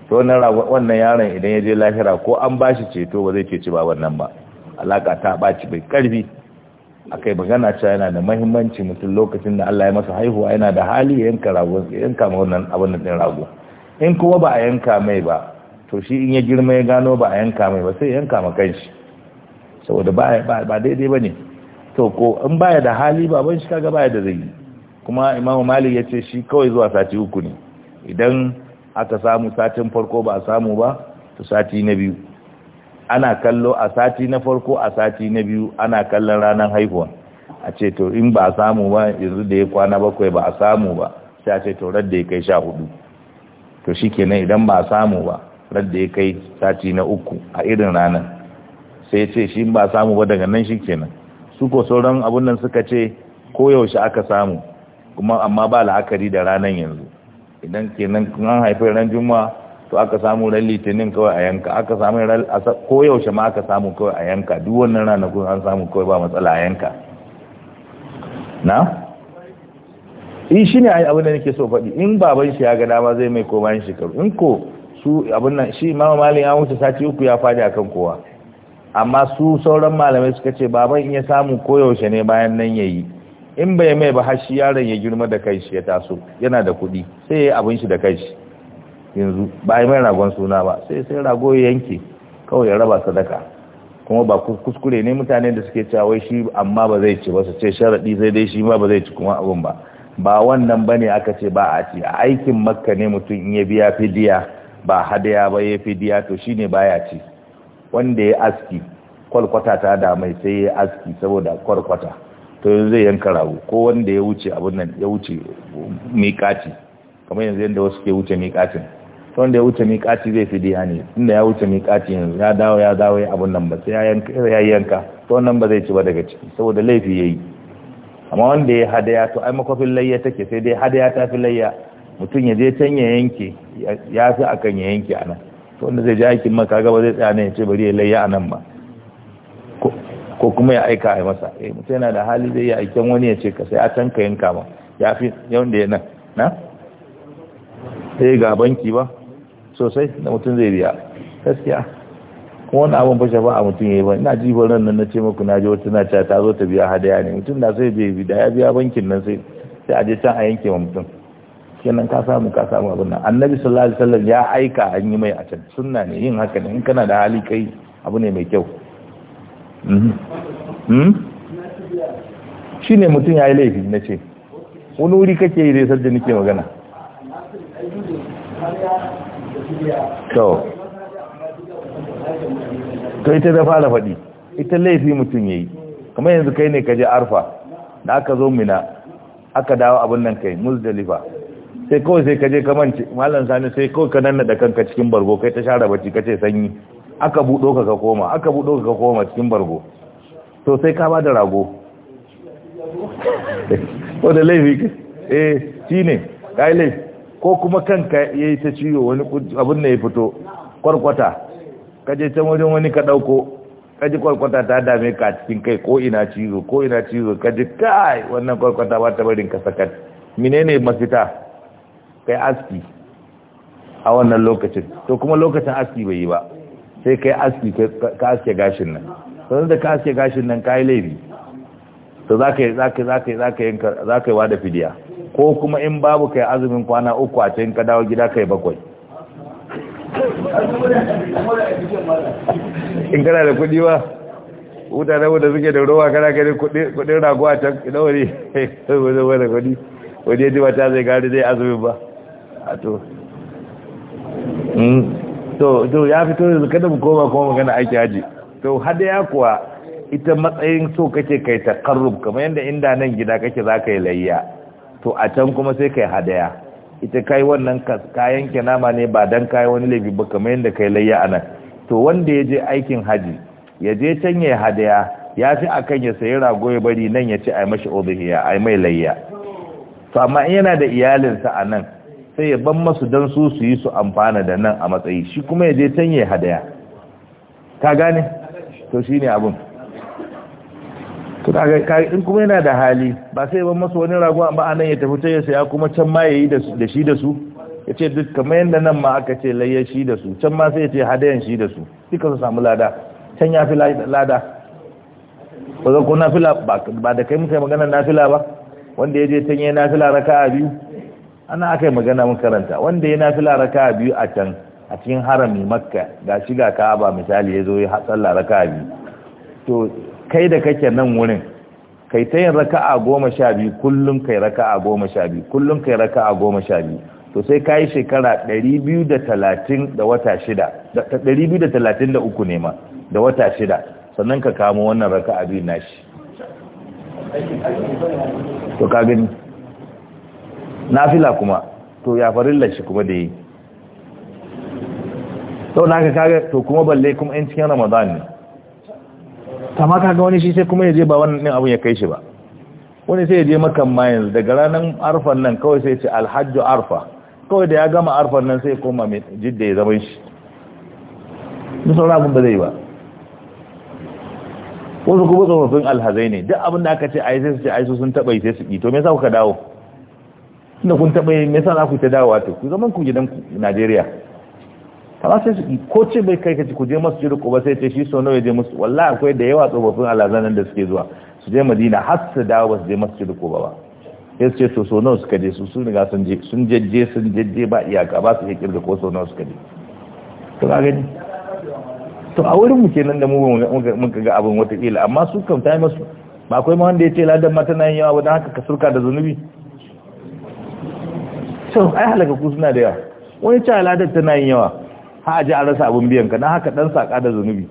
to wannan yaron idan ya je lahira ko an bashi ceto ba zai ceci ba wannan ba alaka ta ɓaci bai karfi aka yi magana cewa yana da mahimmanci mutum lokacin da Allah ya masa haihuwa yana da hali ya yanka rago ya yanka ma wannan abin da ɗin rago in kuma ba a yanka mai ba to shi in ya girma ya gano ba a yanka mai ba sai ya yanka ma kanshi saboda ba daidai ba ne to ko in baya da hali ba ban shi kaga baya da zai kuma imam malik ya ce shi kawai zuwa sati uku ne idan aka samu satin farko ba a samu ba to sati na biyu ana kallo a sati na farko a sati na biyu ana kallon ranar haihuwa a ce to in ba a samu ba yanzu da ya kwana bakwai ba a samu ba sai a ce to radda ya kai sha hudu to shi kenan idan ba a samu ba radda ya kai sati na uku a irin ranar sai ce shi in ba a samu ba daga nan shi kenan su ko sauran abun nan suka ce koyaushe aka samu kuma amma ba la'akari da ranar yanzu idan kenan kun an haifar ran juma'a to aka samu ran litinin kawai a yanka aka samu ran ko yaushe ma aka samu kawai a yanka duk wannan ranakun an samu kawai ba matsala a yanka na in eh, shi ne abin da nake so faɗi in baban shi ya ga dama zai mai koma yin shekaru in ko su abin nan shi mama malik ya wuce sati uku ya faɗi kan kowa amma su sauran malamai suka ce baban in ya samu koyaushe ne bayan nan ya yi. in bai mai ba har shi yaron ya girma da kai shi ya taso yana da kuɗi sai ya yi abin shi da kai shi yanzu ba yi mai ragon suna ba sai sai rago ya yanke kawai ya raba sadaka kuma ba kuskure ne mutane da suke cewa shi amma ba zai ci ba su ce sharaɗi sai dai shi ma ba zai ci kuma abun ba ba wannan ba ne aka ce ba a ci a aikin makka ne mutum in ya biya fidiya ba hadaya ba ya fidiya to shi ne baya ci wanda ya aski kwalkwata ta da mai sai ya aski saboda kwalkwata to yanzu zai yanka rago ko wanda ya wuce abun nan ya wuce miƙaci kamar yanzu yadda wasu ke wuce miƙacin wanda ya wuce miƙaci zai fi diya ne inda ya wuce miƙaci yanzu ya dawo ya dawo ya abun nan ba sai ya yanka to wannan ba zai ci ba daga ciki saboda laifi ya yi amma wanda ya hadaya to ai makwafin layya take sai dai hadaya ta fi layya mutum ya je can ya yanke ya fi akan ya yanke a nan to wanda zai je aikin maka gaba zai tsaya ne ya ce bari ya layya a nan ba ko kuma ya aika a masa eh mutum yana da hali zai yi aikin wani ya ce ka sai a can ka yanka ma ya fi yawan da ya nan na sai eh, ga banki ba sosai da mutum zai biya gaskiya kuma wani abin fashe ba a mutum ya yi ba ina ji ran nan na ce muku na ji wata na ta ta zo ta biya hadaya ne mutum na sai bai da ya biya bankin nan sai sai a je can a yanke wa mutum kenan ka samu ka samu abin nan annabi sallallahu alaihi wasallam ya aika an yi mai a can sunna ne yin haka ne in kana da hali kai abu ne mai kyau mhm. hmm? shi ne mutum ya yi laifi na ce wani wuri kake yi zai sarda nake magana to to ita da fara faɗi ita laifi mutum ya yi kamar yanzu kai ne ka je arfa da aka zo mina aka dawo abin nan kai musdalifa sai kawai sai ka je ka malam sani sai kawai ka nanna da kanka cikin bargo kai ta share bacci ka ce sanyi aka buɗo ka ka koma aka buɗo ka ka koma cikin bargo to sai ka ba da rago ko da laifi eh shine kai laifi ko kuma kanka ya yi ta ciwo wani abin da ya fito kwarkwata kaje can wajen wani ka ɗauko kaji kwarkwata ta dame ka cikin kai ko ina ciwo, ko ina ciwo, kaji kai wannan kwarkwata ba ta barin ka sakat menene mafita kai aski a wannan lokacin to kuma lokacin aski bai yi ba sai kai aski ka aske gashin nan sannan da ka aske gashin nan ka yi laifi to za ka yi za ka yi za ka yi za ka yi wa da fidiya ko kuma in babu kai azumin kwana uku a cikin ka dawo gida kai bakwai in kana da kudi ba na da suke da ruwa kana kai kudin ragu a can ina wani wani wani kudi wani yadda ba ta zai gari zai azumin ba a to hmm. to ya fito yanzu da mu koma kuma gana aiki haji to hada ya kuwa ita matsayin so kake kai takarrub kamar yadda inda nan gida kake za ka yi layya to a can kuma sai kai hadaya ita kai wannan kayan nama ne ba dan kai wani laifi ba kamar yadda kai layya a nan. to wanda ya je aikin haji ya je can ya hadaya ya fi akan ya sayi rago ya bari nan ya ce ai mashi udhiya ai mai layya to amma in yana da iyalinsa anan sai ya ban masu don su su yi su amfana da nan a matsayi shi kuma ya je can ya hadaya ka gane to shine abun to kaga in kuma yana da hali ba sai ban masa wani rago ba anan ya tafi ta ya saya kuma can ma yayi da shi da su yace duk kamar yanda nan ma aka ce layya shi da su can ma sai ya hadayan shi da su duka su samu lada can ya fi lada ba zan ko nafila ba da kai muka yi magana nafila ba wanda ya je can ya nafila raka'a biyu ana aka yi magana mun karanta wanda ya nafila raka'a biyu a can a cikin harami makka ga shiga ka'aba misali ya zo ya sallah raka'a biyu to kai da kake nan wurin kai ta yin raka'a goma sha biyu kullum kai raka'a goma sha biyu kullum kai raka'a goma sha biyu to sai ka yi shekara ɗari biyu da talatin da wata shida ɗari biyu da talatin da uku ne ma da wata shida sannan ka kamo wannan raka'a biyu nashi to ka gani nafila kuma to ya farilla shi kuma da yi sau na ka kaga to kuma balle kuma in cikin ramadan ne kama kaga wani shi sai kuma ya je ba wannan abun ya kai shi ba wani sai ya je makan mayan daga ranar arfan nan kawai sai ce alhajju arfa kawai da ya gama arfan nan sai kuma mai jidda ya zama shi duk sauran abin ba zai ba wasu kuma tsofaffin alhazai ne duk abin da aka ce ai sai su ce ai sun taɓa yi sai su ƙi to me yasa kuka dawo tunda kun taɓa yi me yasa za ku ta dawo wato ku zaman ku gidan Najeriya fara sai su ko ce bai kai kaci ku je masu ko ba sai ce shi so nawa je musu wallahi akwai da yawa tsofaffin alazanan da suke zuwa su je madina har su dawo ba su je masu jiri ba ba sai su ce to so nawa suka je su sun riga sun je sun jeje sun jeje ba iyaka ba su iya kirga ko so nawa suka je to ka gani to a wurin mu kenan da mu muka ga abin watakila amma su kan ta masu ba akwai ma wanda ya ce ladan mata na yin yawa wadda haka ka surka da zunubi to ai halaka ku suna da yawa wani ce ladan tana yin yawa haji a ji rasa abin biyan ka don haka dan saka da zunubi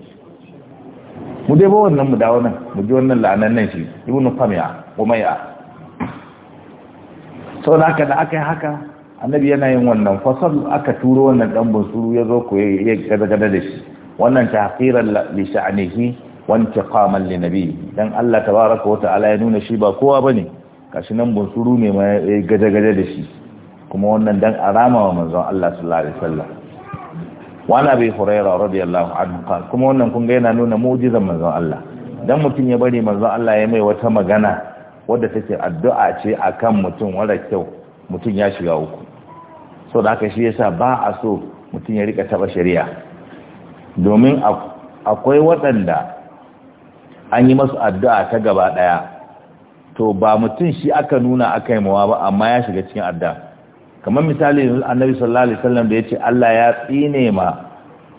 mu dai ba wannan mu dawo nan mu ji wannan la'anan nan shi ibnu famiya umayya sau da aka da aka yi haka annabi yana yin wannan fasal aka turo wannan dan bunsuru ya zo ko ya gada gada da shi wannan ta tahqiran li sha'nihi wa intiqaman li nabiyyi dan Allah tabaaraka wa ta'ala ya nuna shi ba kowa bane kashi nan bunsuru ne ma ya gada gada da shi kuma wannan dan arama wa manzon Allah sallallahu alaihi wasallam wani abi huraira radiyallahu anhu qala kuma wannan kun yana nuna mu'jizan manzon Allah dan mutum ya bari manzon Allah ya mai wata magana wadda take addu'a ce akan mutum wala kyau mutum ya shiga uku so da haka shi yasa ba a so mutum ya rika taba shari'a domin akwai waɗanda an yi masu addu'a ta gaba ɗaya to ba mutum shi aka nuna aka yi mawa ba amma ya shiga cikin addu'a kamar misali annabi sallallahu alaihi wasallam da yace Allah ya tsine ma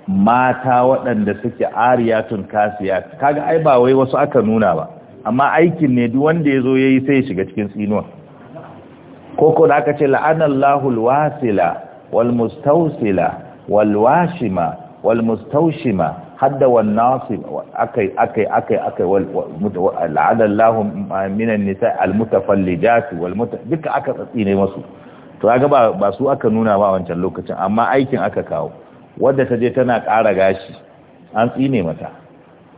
mata waɗanda suke ariyatun kasiya kaga ai ba wai wasu aka nuna ba amma aikin ne duk wanda yazo yayi sai ya shiga cikin tsinuwa Ko da aka ce la'anallahu alwasila walmustawsila walwashima walmustawshima hadda nasib akai akai akai akai la'anallahu minan nisa almutafallijat walmuta duka aka tsine masu to ga ba su aka nuna ba wancan lokacin amma aikin aka kawo wadda ta je tana ƙara gashi an tsine mata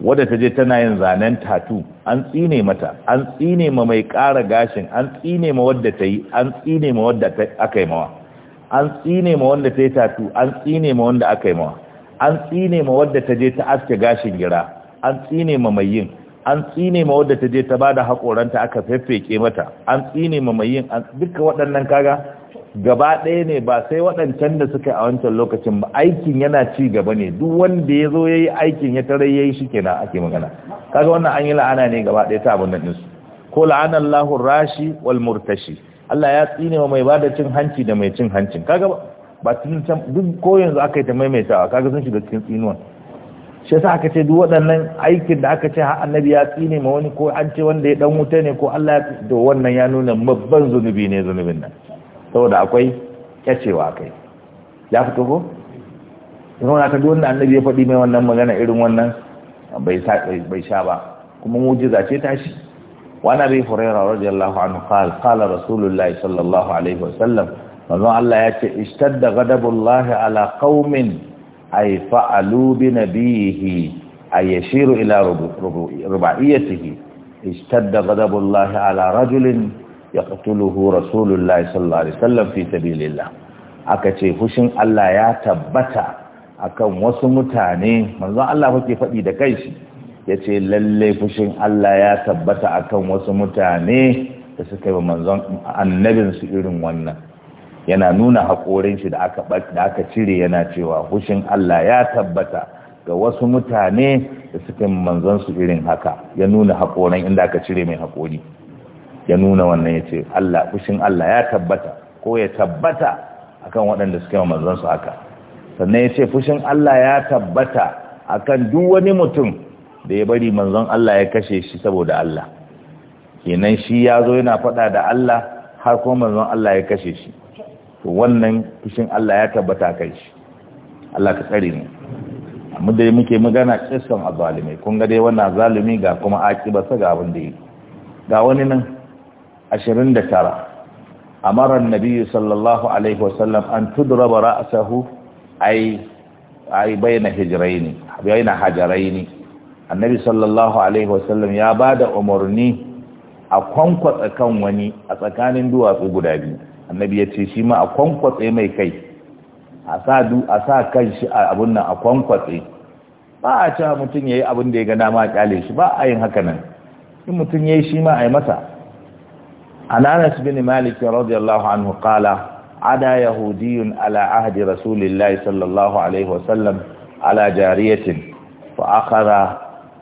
wadda ta je tana yin zanen tatu an tsine mata an tsine ma mai ƙara gashin an tsine ma wadda ta yi an tsine ma wadda aka yi mawa an tsine ma wanda ta yi tatu an tsine ma wanda aka yi mawa an tsine ma wadda ta je ta aske gashin gira an tsine ma mai yin an tsine ma wadda ta je ta bada hakoranta aka feffeke mata an tsine ma mai yin duka waɗannan kaga gaba ɗaya ne ba sai waɗancan da suka a wancan lokacin ba aikin yana ci gaba ne duk wanda ya zo ya yi aikin ya tarai ya yi shi kenan ake magana kaga wannan an yi la'ana ne gaba ɗaya ta abin nan ɗinsu ko la'ana lahun rashi wal murtashi Allah ya tsine wa mai ba da cin hanci da mai cin hancin kaga ba duk ko yanzu aka yi ta maimaitawa kaga sun shiga cikin tsinuwan shi yasa aka ce duk waɗannan aikin da aka ce har annabi ya tsine ma wani ko an ce wanda ya dan wuta ne ko Allah ya da wannan ya nuna babban zunubi ne zunubin nan saboda akwai kyacewa kai ya fito ko nuna ka duwanda annabi ya faɗi mai wannan magana irin wannan bai sha ba kuma mujiza ce tashi wani abin huraira radiyallahu anhu kala rasulullahi sallallahu alaihi wasallam manzon Allah ya ce ishtadda ghadabullahi ala qaumin ay fa'alu bi nabihi ay yashiru ila rubaiyatihi ishtadda ghadabullahi ala rajulin yaqtuluhu rasulullahi sallallahu alaihi wasallam fi sabilillah aka ce fushin Allah ya tabbata akan wasu mutane manzo Allah yake fadi da Ya yace lalle fushin Allah ya tabbata akan wasu mutane da suka yi manzon annabin su irin wannan yana nuna hakorin shi da aka da aka cire yana cewa fushin Allah ya tabbata ga wasu mutane da suka yi manzon su irin haka ya nuna hakorin inda aka cire mai hakori ya nuna wannan ya ce Allah fushin Allah ya tabbata ko ya tabbata akan waɗanda suke yi manzon su haka sannan ya ce fushin Allah ya tabbata akan duk wani mutum da ya bari manzon Allah ya kashe shi saboda Allah kenan shi ya zo yana faɗa da Allah har kuma manzon Allah ya kashe shi to wannan fushin Allah ya tabbata kai shi Allah ka tsare ni amma dai muke magana kissan azalimi kun ga dai wannan zalimi ga kuma akibarsa ga abin da yi ga wani nan ashirin da tara amara nabiyu sallallahu alaihi wasallam an tudraba ra'sahu ay ay bayna hijraini bayna ne annabi sallallahu alaihi wasallam ya bada umarni a kwankwatsa kan wani a tsakanin duwatsu guda biyu annabi ya ce shi ma a kwankwatsa mai kai a sa du a sa kan shi a abun nan a kwankwatsa ba a cewa mutum yayi abin da ya ga dama kyale shi ba a yin haka nan in mutum yayi shi ma a yi masa Ananas bin Malik radiyallahu anhu qala ada yahudiyun ala ahdi rasulillahi sallallahu alaihi wasallam ala jariyatin fa akhara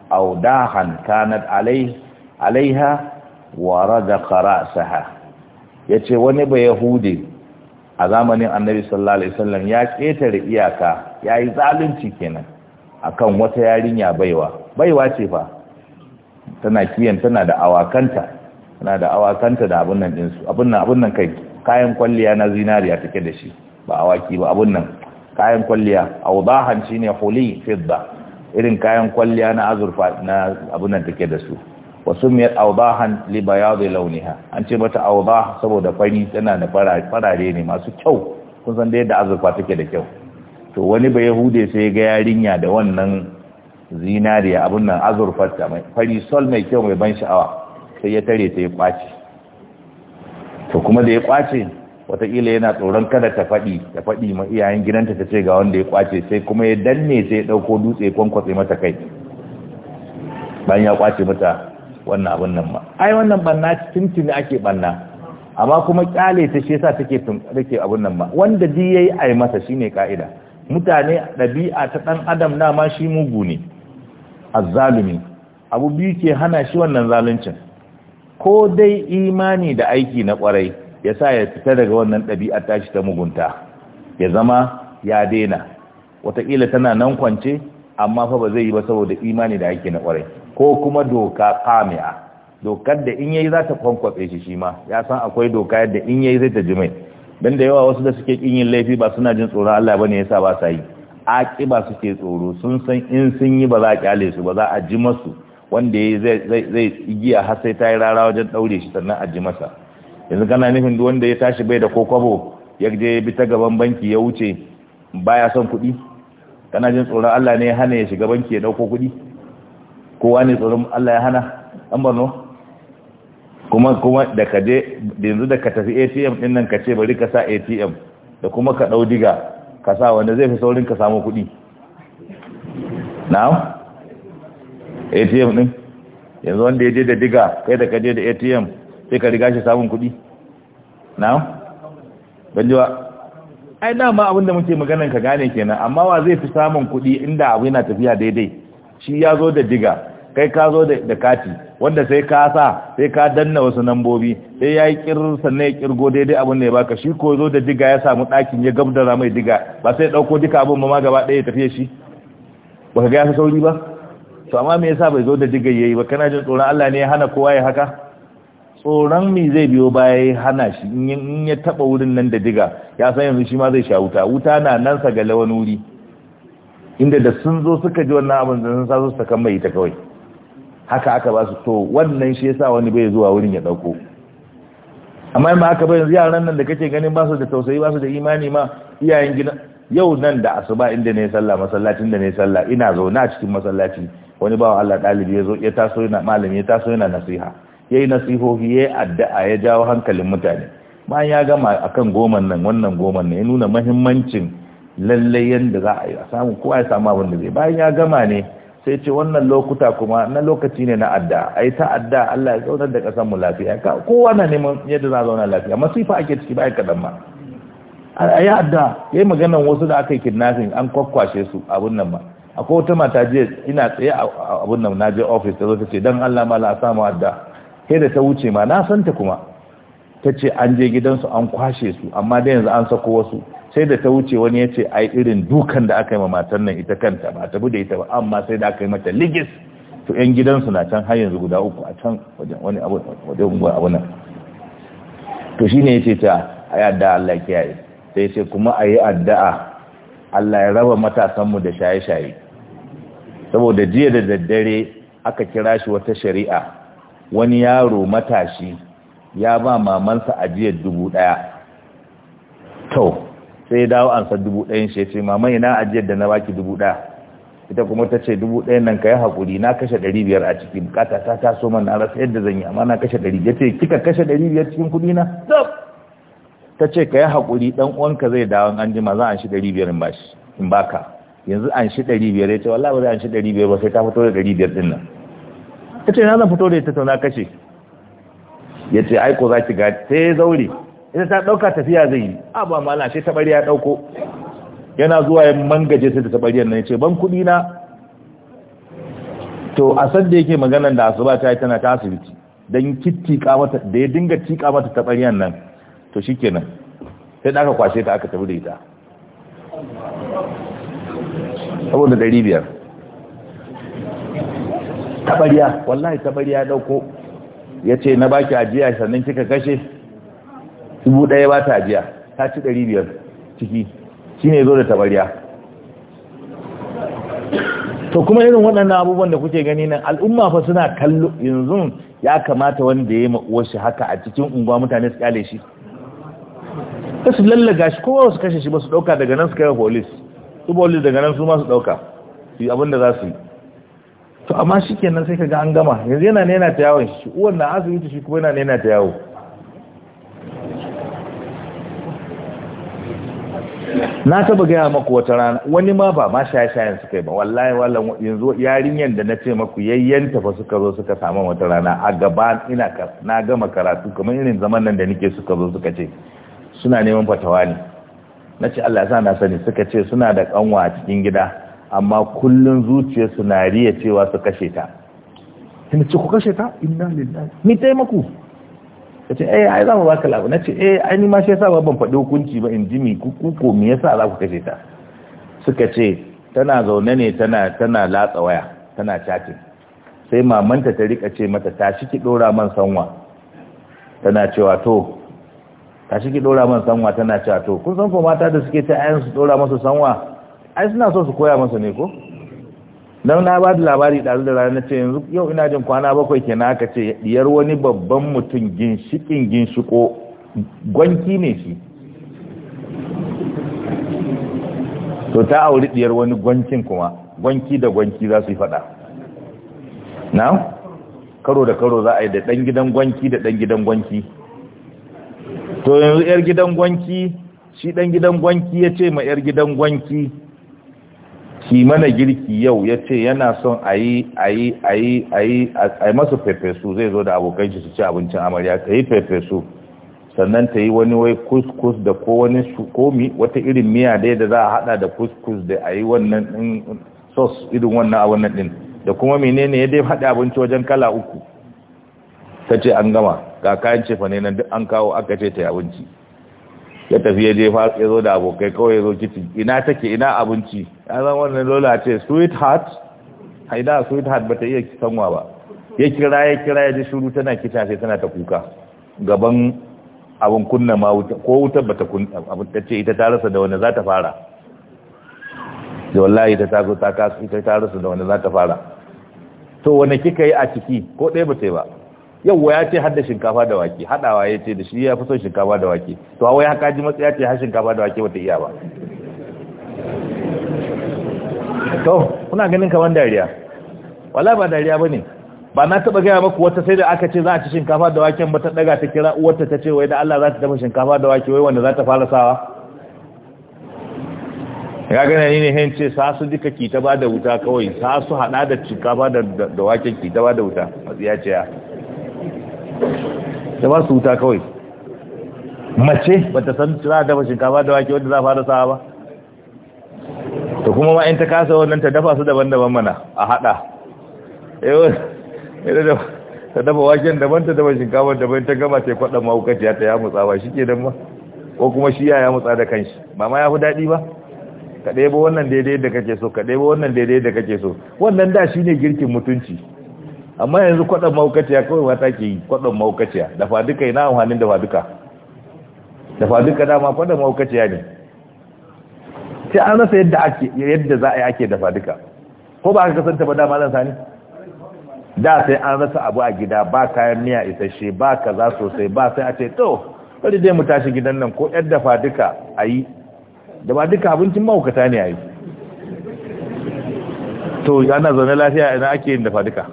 aw dahan kanat alayhi alayha wa radaqa yace wani Bayahudi a zamanin annabi sallallahu alaihi wasallam ya ketare iyaka yayi zalunci kenan akan wata yarinya baiwa baiwa ce fa tana kiyan tana da awakanta na da awakanta da abun nan ɗinsu abun nan abun nan kai kayan kwalliya na zinariya take da shi ba awaki ba abun nan kayan kwalliya awdahan shine huli fidda irin kayan kwalliya na azurfa na abun nan take da su wasu miyar awdahan li bayadi launiha an ce mata awdah saboda fari tana da farare ne masu kyau kun san da yadda azurfa take da kyau to wani ba yahude sai ga yarinya da wannan zinariya abun nan azurfa ta mai fari sol mai kyau mai ban sha'awa sai ya tare ta ya kwace to kuma da ya kwace wataƙila yana tsoron kada ta faɗi ta faɗi ma iyayen gidanta ta ce ga wanda ya kwace sai kuma ya danne sai ya ɗauko dutse kwankwatse mata kai bayan ya kwace mata wannan abin nan ba ai wannan banna tuntuni ake banna amma kuma kyale ta shi yasa take take abin nan ba wanda duk yayi ai masa shine kaida mutane dabi'a ta dan adam na ma shi mugu ne azzalimi abu biyu ke hana shi wannan zaluncin ko dai imani da aiki na kwarai ya sa ya fita daga wannan ɗabi'a tashi ta mugunta ya zama ya daina wataƙila tana nan kwance amma fa ba zai yi ba saboda imani da aiki na kwarai ko kuma doka kamiya dokar da in yayi za ta kwankwatse shi shi ma ya san akwai doka yadda in yayi zai ta jimai dan da yawa wasu da suke kin yin laifi ba suna jin tsoron Allah ba bane yasa ba sa yi ba suke tsoro sun san in sun yi ba za a kyale su ba za a ji masu wanda ya zai igiya har sai ta yi rara wajen ɗaure shi sannan a masa yanzu kana nufin duk wanda ya tashi bai da ko kwabo ya je bi ta gaban banki ya wuce baya son kuɗi kana jin tsoron Allah ne ya hana ya shiga banki ya ɗauko kuɗi kowa ne tsoron Allah ya hana an barno kuma kuma da ka je yanzu da ka tafi ATM din nan ka ce bari ka sa ATM da kuma ka ɗau diga ka sa wanda zai fi saurin ka samu kuɗi na'am atm din yanzu wanda ya je da diga kai da kaje da atm sai ka riga shi samun kuɗi na ban jiwa ai dama abinda muke maganan ka gane kenan amma wa zai fi samun kuɗi inda abu yana tafiya daidai shi ya zo da diga kai ka zo da kati wanda sai ka sa sai ka danna wasu nambobi sai ya yi kir sannan ya kirgo daidai abin da ya baka shi ko zo da diga ya samu ɗakin ya gabdara mai diga ba sai ɗauko duka abin ma gaba ɗaya tafiya shi ba ka ga ya sauri ba to amma me yasa bai zo da diga yayi ba kana jin tsoron Allah ne ya hana kowa ya haka tsoron me zai biyo baya ya hana shi in ya taba wurin nan da diga ya san yanzu shi ma zai sha wuta wuta na nan sa ga lawan wuri inda da sun zo suka ji wannan abin da sun sa su ta mai ita kawai haka aka ba su to wannan shi yasa wani bai zuwa wurin ya dauko amma in ba haka ba yanzu yaran nan da kake ganin ba su da tausayi ba su da imani ma iyayen gida yau nan da asuba inda ne sallah masallacin da ne sallah ina zo na cikin masallaci wani bawa Allah ɗalibi ya zo ya taso yana malami ya taso yana nasiha ya yi nasihohi ya yi addu'a ya jawo hankalin mutane bayan ya gama akan goman nan wannan goman nan ya nuna mahimmancin lallai yadda za a yi a samu kowa ya samu abin da zai bayan ya gama ne sai ce wannan lokuta kuma na lokaci ne na adda a yi ta adda Allah ya zaunar da ƙasar mu lafiya kowa na neman yadda za a zauna lafiya masifa ake ciki bayan kaɗan ma a yi adda ya yi maganan wasu da aka yi kidnapping an kwakwashe su abin nan ma. akwai wata mata jiya ina tsaye a abun nan na je office ta zo ce dan Allah mala a samu adda sai da ta wuce ma na santa kuma ta ce an je gidansu an kwashe su amma da yanzu an sako wasu sai da ta wuce wani ya ce ai irin dukan da aka yi ma matan nan ita kanta ba ta bude ita ba amma sai da aka yi mata ligis to yan gidansu na can har yanzu guda uku a can wajen wani abu wajen abu nan to shine yace ta yi addu'a Allah ya kiyaye sai ce kuma ayi addu'a Allah ya raba matasanmu da shaye-shaye saboda jiya da daddare aka kira shi wata shari'a wani yaro matashi ya ba mamansa ajiyar dubu ɗaya to sai ya dawo ansa dubu ɗayan shi ya ce maman ina ajiyar da na baki dubu ɗaya ita kuma ta ce dubu ɗayan nan ka yi haƙuri na kashe ɗari biyar a ciki bukata ta taso man na rasa yadda zan yi amma na kashe ɗari ya ce kika kashe ɗari biyar cikin kuɗi na ta ce ka yi haƙuri ɗan uwanka zai dawo an jima za a shi ɗari biyar in ba ka. yanzu an shi ɗari biyar ya ce wala ba zai an shi ɗari biyar ba sai ta fito da ɗari biyar ɗin nan ta ce na zan fito da ita ta, na kashe ya ce aiko za ki ga ta ya zaure ita ta ɗauka tafiya zai yi a ba mala ce taɓari ya ɗauko yana zuwa ya mangaje sai da taɓariyar nan ya ce ban kuɗi na to a da yake magana da asuba ta yi tana ta asibiti don ka mata da ya dinga tika mata taɓariyar nan to shi sai da aka kwashe ta aka tafi da ita saboda ɗari biyar tabariya wallahi tabariya dauko ya ce na baki ajiya sannan kika kashe dubu ɗaya ba ta ajiya ta ci ɗari biyar ciki shi ne zo da tabariya to kuma irin waɗannan abubuwan da kuke gani nan al'umma fa suna kallo yanzu ya kamata wanda ya yi shi haka a cikin unguwa mutane su kyale shi ta su lallaga shi kowa su kashe shi ba su ɗauka daga nan su kai polis su daga nan su masu su ɗauka su abin da za su yi to amma shi kenan sai ka ga an gama yanzu yana nena ta yawon shi uwan na asibiti shi kuma yana nena ta yawo na taba gaya maku wata rana wani ma ba ma shaye-shayen suka yi ba wallahi wallan yanzu yarinyar da na ce maku yayyanta fa suka zo suka samu wata rana a gaba ina na gama karatu kamar irin zaman nan da nake suka zo suka ce suna neman fatawa ne na ce Allah sa na sani suka ce suna da kanwa a cikin gida amma kullum zuciyarsu na riya cewa su kashe ta ina ce ku kashe ta inna lillahi ni taimaku Ka ce eh ai za mu baka labu na ce eh ai ni ma shi yasa ban faɗi hukunci ba in ji mi kuko me yasa za ku kashe ta suka ce tana zaune ne tana tana latsa waya tana chatting sai mamanta ta rika ce mata tashi ki dora man sanwa tana cewa to shi ki dora man sanwa tana cewa to kun san ko mata da suke ta ayan su dora masa sanwa ai suna so su koya masa ne ko dan na ba da labari da da rana ce yanzu yau ina jin kwana bakwai kenan aka ce diyar wani babban mutum ginshikin ginshiko gwanki ne shi to ta auri diyar wani gwankin kuma gwanki da gwanki za su yi fada na karo da karo za a yi da dan gidan gwanki da ɗan gidan gwanki to yanzu yar gidan gwanki shi dan gidan gwanki ya ce ma yar gidan gwanki ki mana girki yau ya ce yana son a yi a yi a yi a yi a masu fefesu zai zo da abokan shi su ci abincin amarya ta yi fefesu sannan ta yi wani wai kuskus da ko wani komi wata irin miya dai da za a hada da kuskus da a yi wannan din sos irin wannan a wannan din da kuma menene ya dai hada abinci wajen kala uku ta ce an gama ga kayan cefa ne nan duk an kawo aka ce ta yi abinci ya tafi ya je ya zo da abokai kawai ya zo kiti ina take ina abinci ya zan wani lola ce sweetheart haida sweetheart ba ta iya sanwa ba ya kira ya kira ya ji shuru tana kita sai tana ta kuka gaban abin kunna ma wuta ko wuta ba ta kunna abin ta ce ita ta rasa da wanda za ta fara da wallahi ta taso ta kasu ita ta rasa da wanda za ta fara to wani kika yi a ciki ko ɗaya ba ta yi ba yawwa ya ce hada shinkafa da wake hadawa ya ce da shi ya fi son shinkafa da wake to hawa ya kaji matsaya ce har shinkafa da wake wata iya ba to kuna ganin kamar dariya wala ba dariya ba ne ba na taba gaya maku wata sai da aka ce za a ci shinkafa da waken ba ta daga ta kira uwarta ta ce wai da Allah za ta dafa shinkafa da wake wai wanda za ta fara sawa ya gane ni ne hen ce sa su duka ki ta ba da wuta kawai sa su hada da shinkafa da waken ki ta ba da wuta matsiya ce ya da ba su wuta kawai mace ba ta san za dafa shinkafa da wake wanda za fara sa ba to kuma ma in ta kasa wannan ta dafa su daban-daban mana a hada ta dafa waken daban ta dafa shinkafa daban ta gama sai kwaɗa mahaukaciya ta ya mutsa ba shi ke don ko kuma shi ya ya mutsa da kanshi ba ma ya fi daɗi ba ka ɗebo wannan daidai da kake so ka ɗebo wannan daidai da kake so wannan da shi ne girkin mutunci amma yanzu kwaɗon maukaciya kawai mata ke yi kwaɗon maukaciya da duka yana amfanin da faduka da faduka dama kwaɗon maukaciya ne sai an rasa yadda ake yadda za a yi ake da faduka ko ba aka kasanta ba dama zan sani da sai an rasa abu a gida ba kayan miya isasshe ba kaza sosai ba sai a ce to bari dai mu tashi gidan nan ko yadda faduka a yi da faduka abincin mahaukata ne a yi to yana zaune lafiya ina ake yin da faduka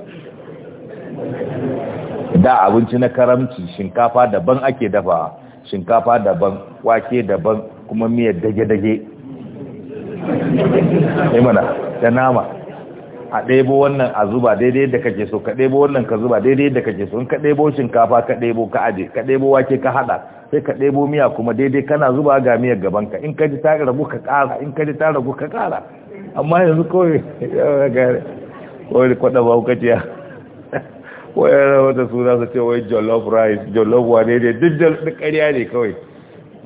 da abinci na karamci shinkafa daban ake dafa shinkafa daban wake daban kuma miyar dage-dage imana da nama a ɗebo wannan a zuba daidai da kake so ka ɗebo wannan ka zuba daidai da kake so in ka ɗebo shinkafa ka ɗebo ka aje ka ɗebo wake ka haɗa sai ka ɗebo miya kuma daidai kana zuba ga miyar gabanka in ka ji ta ragu ka ƙara in ka ji ta ragu ka ƙara amma yanzu kawai wani kwaɗa ba kaciya. wayar wata su za su ce wai jollof rice jollof wane ne duk da ƙarya ne kawai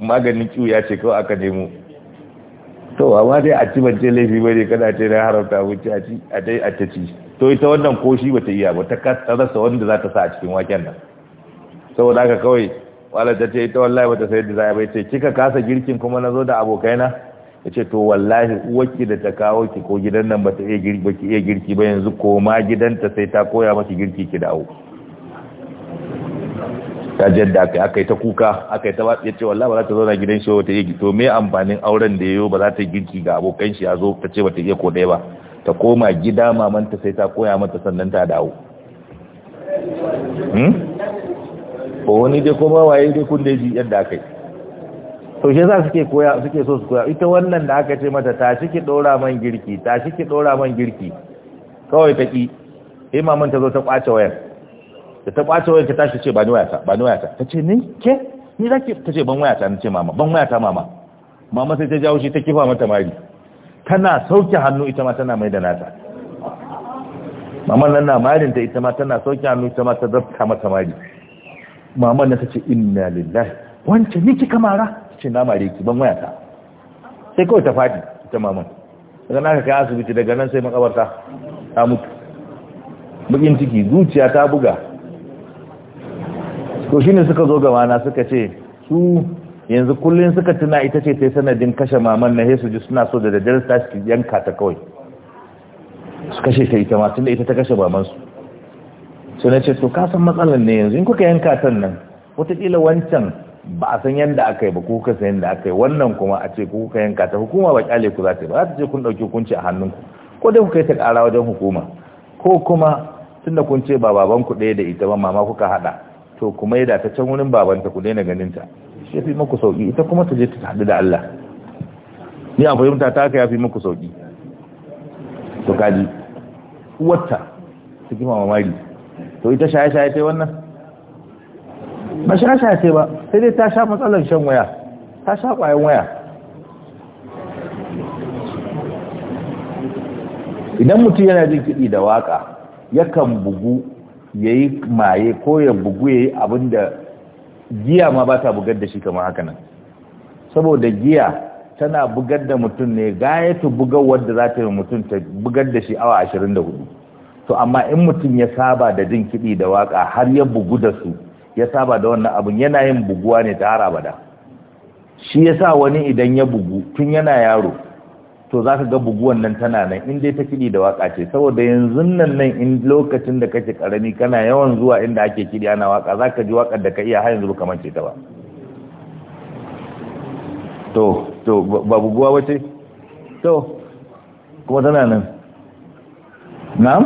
maganin ya ce kawai aka nemo to amma dai a ci bance laifi bane kana ce na haramta abinci a ci a dai a ta ci to ita wannan koshi bata iya ba ta kasa rasa wanda za ta sa a cikin waken nan saboda haka kawai wala ta ce ita wallahi bata sayar da za a bai ce kika kasa girkin kuma na zo da abokaina ya ce to wallahi uwarki da ta kawo ki ko gidan nan ba ta iya girki ba ki iya girki ba yanzu ko ma gidanta sai ta koya maki girki ki dawo ta jadda aka aka ta kuka aka yi ta ya ce wallahi ba za ta zauna gidan shi ta iya to me amfanin auren da yayo ba za ta girki ga abokan shi ya zo ta ce ba ta iya ko ba ta koma gida mamanta sai ta koya mata sannan ta dawo hmm? ko wani dai kuma waye dai kun da ji yadda aka yi to shi yasa suke koya suke so su koya ita wannan da aka ce mata tashi ki dora man girki tashi ki dora man girki kawai ta ki imamin ta zo ta kwace wayar da ta kwace wayar ta tashi ce ba ni wayata ba ni wayata ta ce ni ke ni zaki ta ce ban wayata ni ce mama ban wayata mama mama sai ta jawo shi ta kifa mata mari tana sauke hannu ita ma tana mai da nata mama nan na marin ta ita ma tana sauke hannu ita ma ta zafta mata mari mama na ta ce inna lillahi wance ni kika mara ce na mare ki ban wayata sai kawai ta fadi ita maman daga naka kai asibiti daga nan sai makabarta ta mutu bakin ciki zuciya ta buga ko shine suka zo gaba na suka ce su yanzu kullun suka tuna ita ce sai sanadin kashe maman na hesu ji suna so da daddare ta shi yanka ta kawai su kashe ta ita ma tunda ita ta kashe maman su sai na ce to ka san matsalar ne yanzu in kuka yanka tan nan wataƙila wancan ba a san yadda aka yi ba kuka san yadda aka yi wannan kuma a ce kuka yanka ta hukuma ba kyale ku za ta ba za ta ce kun ɗauki hukunci a hannunku ko dai kuka yi ta ƙara wajen hukuma ko kuma tunda kun ce ba baban ku ɗaya da ita ba mama kuka haɗa to kuma yadda ta can wurin babanta ku daina ganin ta shi fi muku sauki ita kuma ta je ta haɗu da Allah ni a fahimta ta haka ya fi muku sauki to kaji uwarta ta kima mamari to ita shaye-shaye ta yi wannan ba rasha ce ba sai dai ta sha matsalar shan waya ta sha ƙwayen waya idan mutum yana jin kiɗi da waƙa yakan bugu ya yi maye ko ya bugu ya yi abin da giya ma ba ta bugar da shi kamar haka nan saboda giya tana bugar da mutum ne gayatu bugar wadda za ta yi mutum ta bugar da shi awa ashirin hudu to amma in mutum ya saba da jin kiɗi da waka har ya bugu da su ya saba da wannan abin yana yin buguwa ne ta har abada shi ya sa wani idan ya bugu tun yana yaro to za ka ga buguwan nan tana nan in dai ta kiɗi da waka ce saboda yanzu nan nan in lokacin da kake karami kana yawan zuwa inda ake kiɗi ana waka za ka ji wakar da ka iya har yanzu kamar ce ta ba to to ba buguwa ba ce to kuma tana nan na'am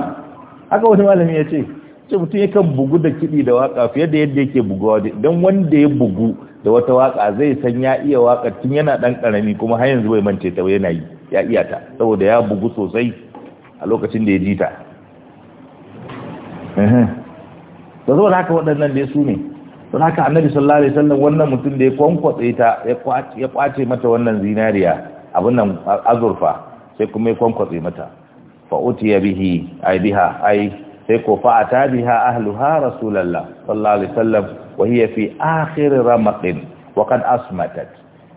haka wani malami ya ce ce mutum yakan bugu da kiɗi da waka fiye da yadda yake buguwa don wanda ya bugu da wata waka zai san ya iya waka tun yana ɗan ƙarami kuma har yanzu bai mance ta yana yi ya iya ta saboda ya bugu sosai a lokacin da ya ji ta da zuwa haka waɗannan dai su ne don haka annabi sallallahu alaihi wasallam wannan mutum da ya kwankwatsa ta ya kwace mata wannan zinariya abin nan azurfa sai kuma ya kwankwatsa mata fa utiya bihi ay biha ay sai ko fa atabiha ahluha rasulullah sallallahu alaihi wasallam wa fi akhir ramadin wa asmatat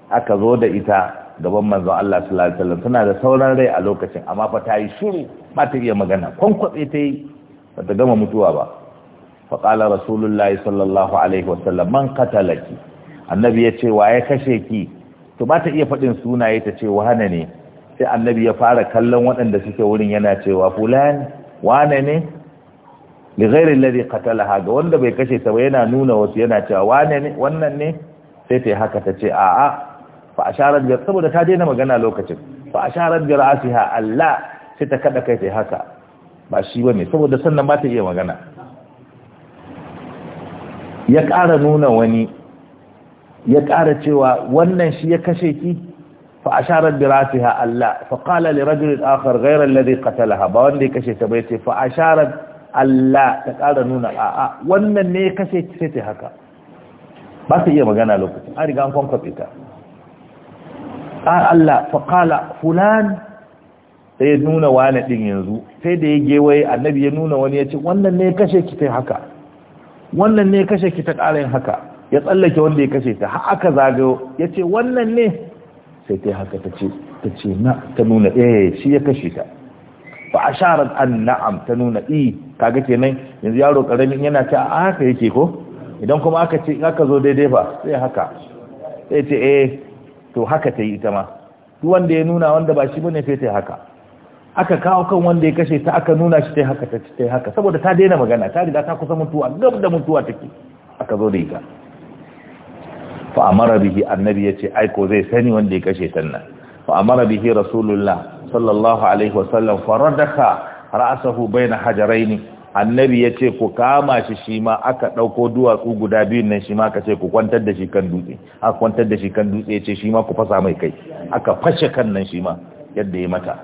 aka zo da ita gaban manzon Allah sallallahu alaihi wasallam tana da sauran rai a lokacin amma fa ta yi shiru ba ta iya magana kwankwatse ta yi ba ta gama mutuwa ba fa qala rasulullah sallallahu alaihi wasallam man qatalaki annabi ya ce wa ya kashe ki to ba ta iya faɗin sunaye ta ce wahana ne sai annabi ya fara kallon waɗanda suke wurin yana cewa fulani wane ne li ghairi alladhi qatalaha ga wanda bai kashe ta ba yana nuna wasu yana cewa wane ne wannan ne sai ta haka ta ce a a fa asharat bi saboda ta daina magana lokacin fa asharat bi ra'siha Allah sai ta kada kai ta haka ba shi bane saboda sannan ba ta iya magana ya ƙara nuna wani ya ƙara cewa wannan shi ya kashe ki فأشارت براسها ألا فقال لرجل آخر غير kashe ta bai ce fa asharat Allah ta ƙara nuna a'a wannan ne kashe sai ta haka ba su iya magana lokacin a riga an kwankwafe ta a Allah faƙala fulan sai ya nuna wani ɗin yanzu sai da ya gewaye annabi ya nuna wani ya ce wannan ne kashe ki ta haka wannan ne kashe ki ta ƙara haka ya tsallake wanda ya kashe ta har aka zagayo ya ce wannan ne sai ta haka ta ce na ta nuna ɗaya eh, shi ya kashe ta fa asharat an na'am ta nuna i kaga kenan yanzu yaro karamin yana ta haka yake ko idan kuma aka ce in aka zo daidai ba sai haka sai ce eh to haka ta yi ita ma duk wanda ya nuna wanda ba shi bane sai ta haka aka kawo kan wanda ya kashe ta aka nuna shi ta haka ta ta haka saboda ta daina magana ta riga ta kusa mutuwa gab da mutuwa take aka zo da ita fa amara bihi annabi yace ai ko zai sani wanda ya kashe ta nan fa amara bihi rasulullah sallallahu alaihi wasallam faradaka ra'sahu baina hajaraini annabi yace ku kama shi shi ma aka dauko duwatsu guda biyun nan shi ma aka ce ku kwantar da shi kan dutse aka kwantar da shi kan dutse yace shi ma ku fasa mai kai aka fashe kan nan shi ma yadda ya mata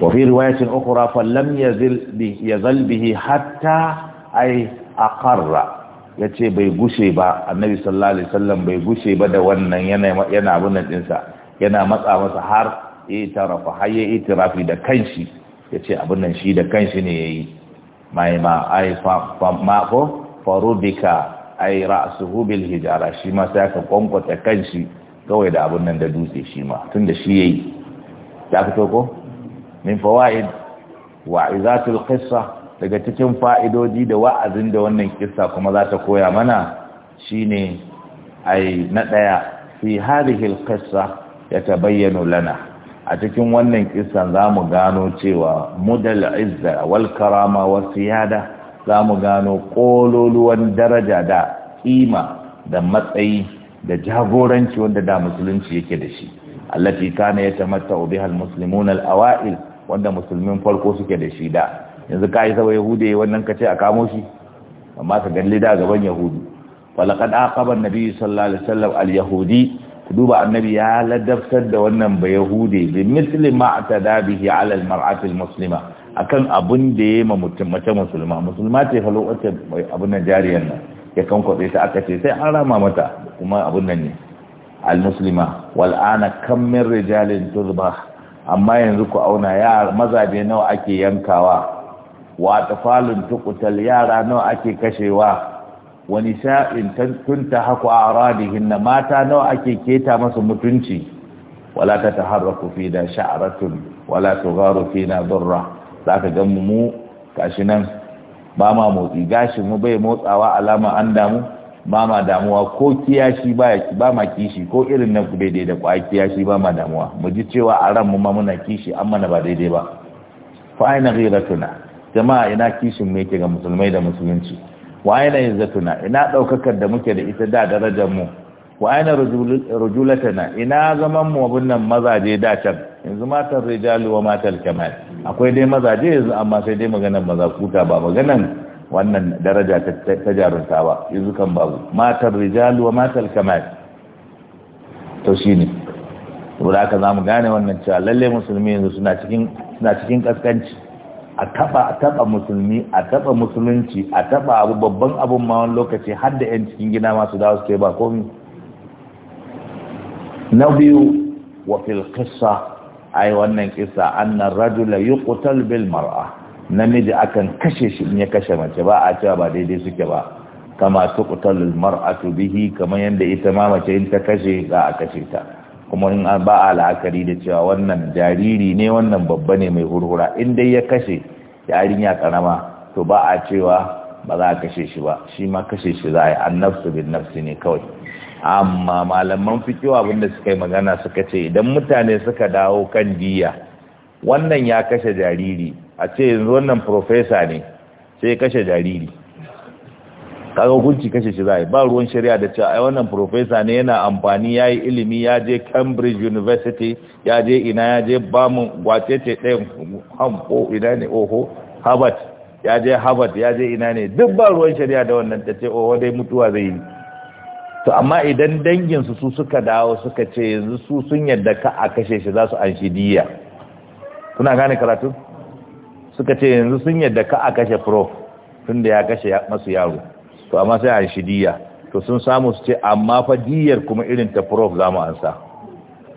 wa fi riwayatin ukhra fa lam yazil bi yazal bihi hatta ay aqarra ya ce bai gushe ba annabi sallallahu alaihi wasallam bai gushe ba da wannan yana yana abin nan dinsa yana matsa masa har itarafa har ya itirafi da kanshi ya ce abin nan shi da kanshi ne ya yi mai ma ai mako farubika ai ra'asuhu bil hijara shi ma sai aka kwankwata kanshi kawai da abin nan da dutse shi ma tun da shi ya yi ya fito ko min fawaid wa'izatul qissa daga cikin fa'idodi da wa'azin da wannan kisa kuma za ta koya mana shine ai na daya fi hadhihi ya ta bayyana lana a cikin wannan kisan za mu gano cewa mudal izza wal karama wa siyada za mu gano ƙololuwan daraja da kima da matsayi da jagoranci wanda da musulunci yake da shi allati kana yatamatta biha al muslimun al awail wanda musulmin farko suke da shi da yanzu kai saboda yahude wannan kace a kamo shi amma ka galli da gaban yahudu walaqad aqaba an-nabi sallallahu alaihi wasallam al-yahudi duba annabi ya ladabtar da wannan ba yahude bi misli ma atada bihi ala almar'ati almuslima akan abun da ya ma mutum mace musulma musulma ce fa lokacin abun nan jariyar nan ya kan ta aka ce sai an rama mata kuma abun nan ne almuslima wal ana kam min rijalin tuzbah amma yanzu ku auna ya mazaje nawa ake yankawa wa tafalun tuqtal yara nawa ake kashewa wani sha'in tunta haku a aradihin mata nawa ake keta masa mutunci wala ta ta harraku fi da sha'aratun wala ta fi na zurra za ka gan mu gashi nan ba ma motsi gashin mu bai motsawa alama an damu ba ma damuwa ko kiyashi ba ma kishi ko irin na ku daidai da kwa kiyashi ba ma damuwa mu ji cewa a ran mu ma muna kishi an mana ba daidai ba fa ghiratuna jama'a ina kishin me yake ga musulmai da musulunci wa aina izzatuna ina daukakar da muke da ita da darajar mu wa aina na ina zaman mu abun nan mazaje da can yanzu matar rijalu wa matar kamal akwai dai mazaje yanzu amma sai dai maganar kuta ba maganar wannan daraja ta jarunta ba yanzu kan babu matar rijalu wa matar kamal to shine saboda haka zamu gane wannan cewa lalle musulmi yanzu suna cikin suna cikin kaskanci a taba a taba musulmi a taba musulunci a taba abu babban abun ma wani lokaci har da yan cikin gida masu dawo su ba komi na biyu wa fil qissa yi wannan kisa anna rajula yuqtal bil mar'a namiji akan kashe shi in ya kashe mace ba a cewa ba daidai suke ba kama tuqtal al mar'atu bihi kamar yadda ita ma mace in ta kashe za a kashe ta kuma in ba a la'akari da cewa wannan jariri ne wannan babba ne mai hurhura in dai ya kashe yarinya karama to ba a cewa ba za a kashe shi ba shi ma kashe shi za a yi annafsu bin nafsi ne kawai amma malaman fikiyo abinda suka yi magana suka ce idan mutane suka dawo kan jiya wannan ya kashe jariri a ce yanzu wannan profesa ne sai kashe jariri kaga hukunci kashe shi zai ba ruwan shari'a da cewa ai wannan professor ne yana amfani yayi ilimi ya je Cambridge University ya je ina ya je bamu gwacece ɗayan hamko ina ne oho Harvard ya je Harvard ya je ina ne duk ba ruwan shari'a da wannan ce oho dai mutuwa zai yi to amma idan dangin su su suka dawo suka ce yanzu su sun yadda ka a kashe shi za su an shi diya kuna gane karatu suka ce yanzu sun yadda ka a kashe prof tunda ya kashe masu yaro to amma sai an shi to sun samu su ce amma fa diyar kuma irin ta prof zamu ansa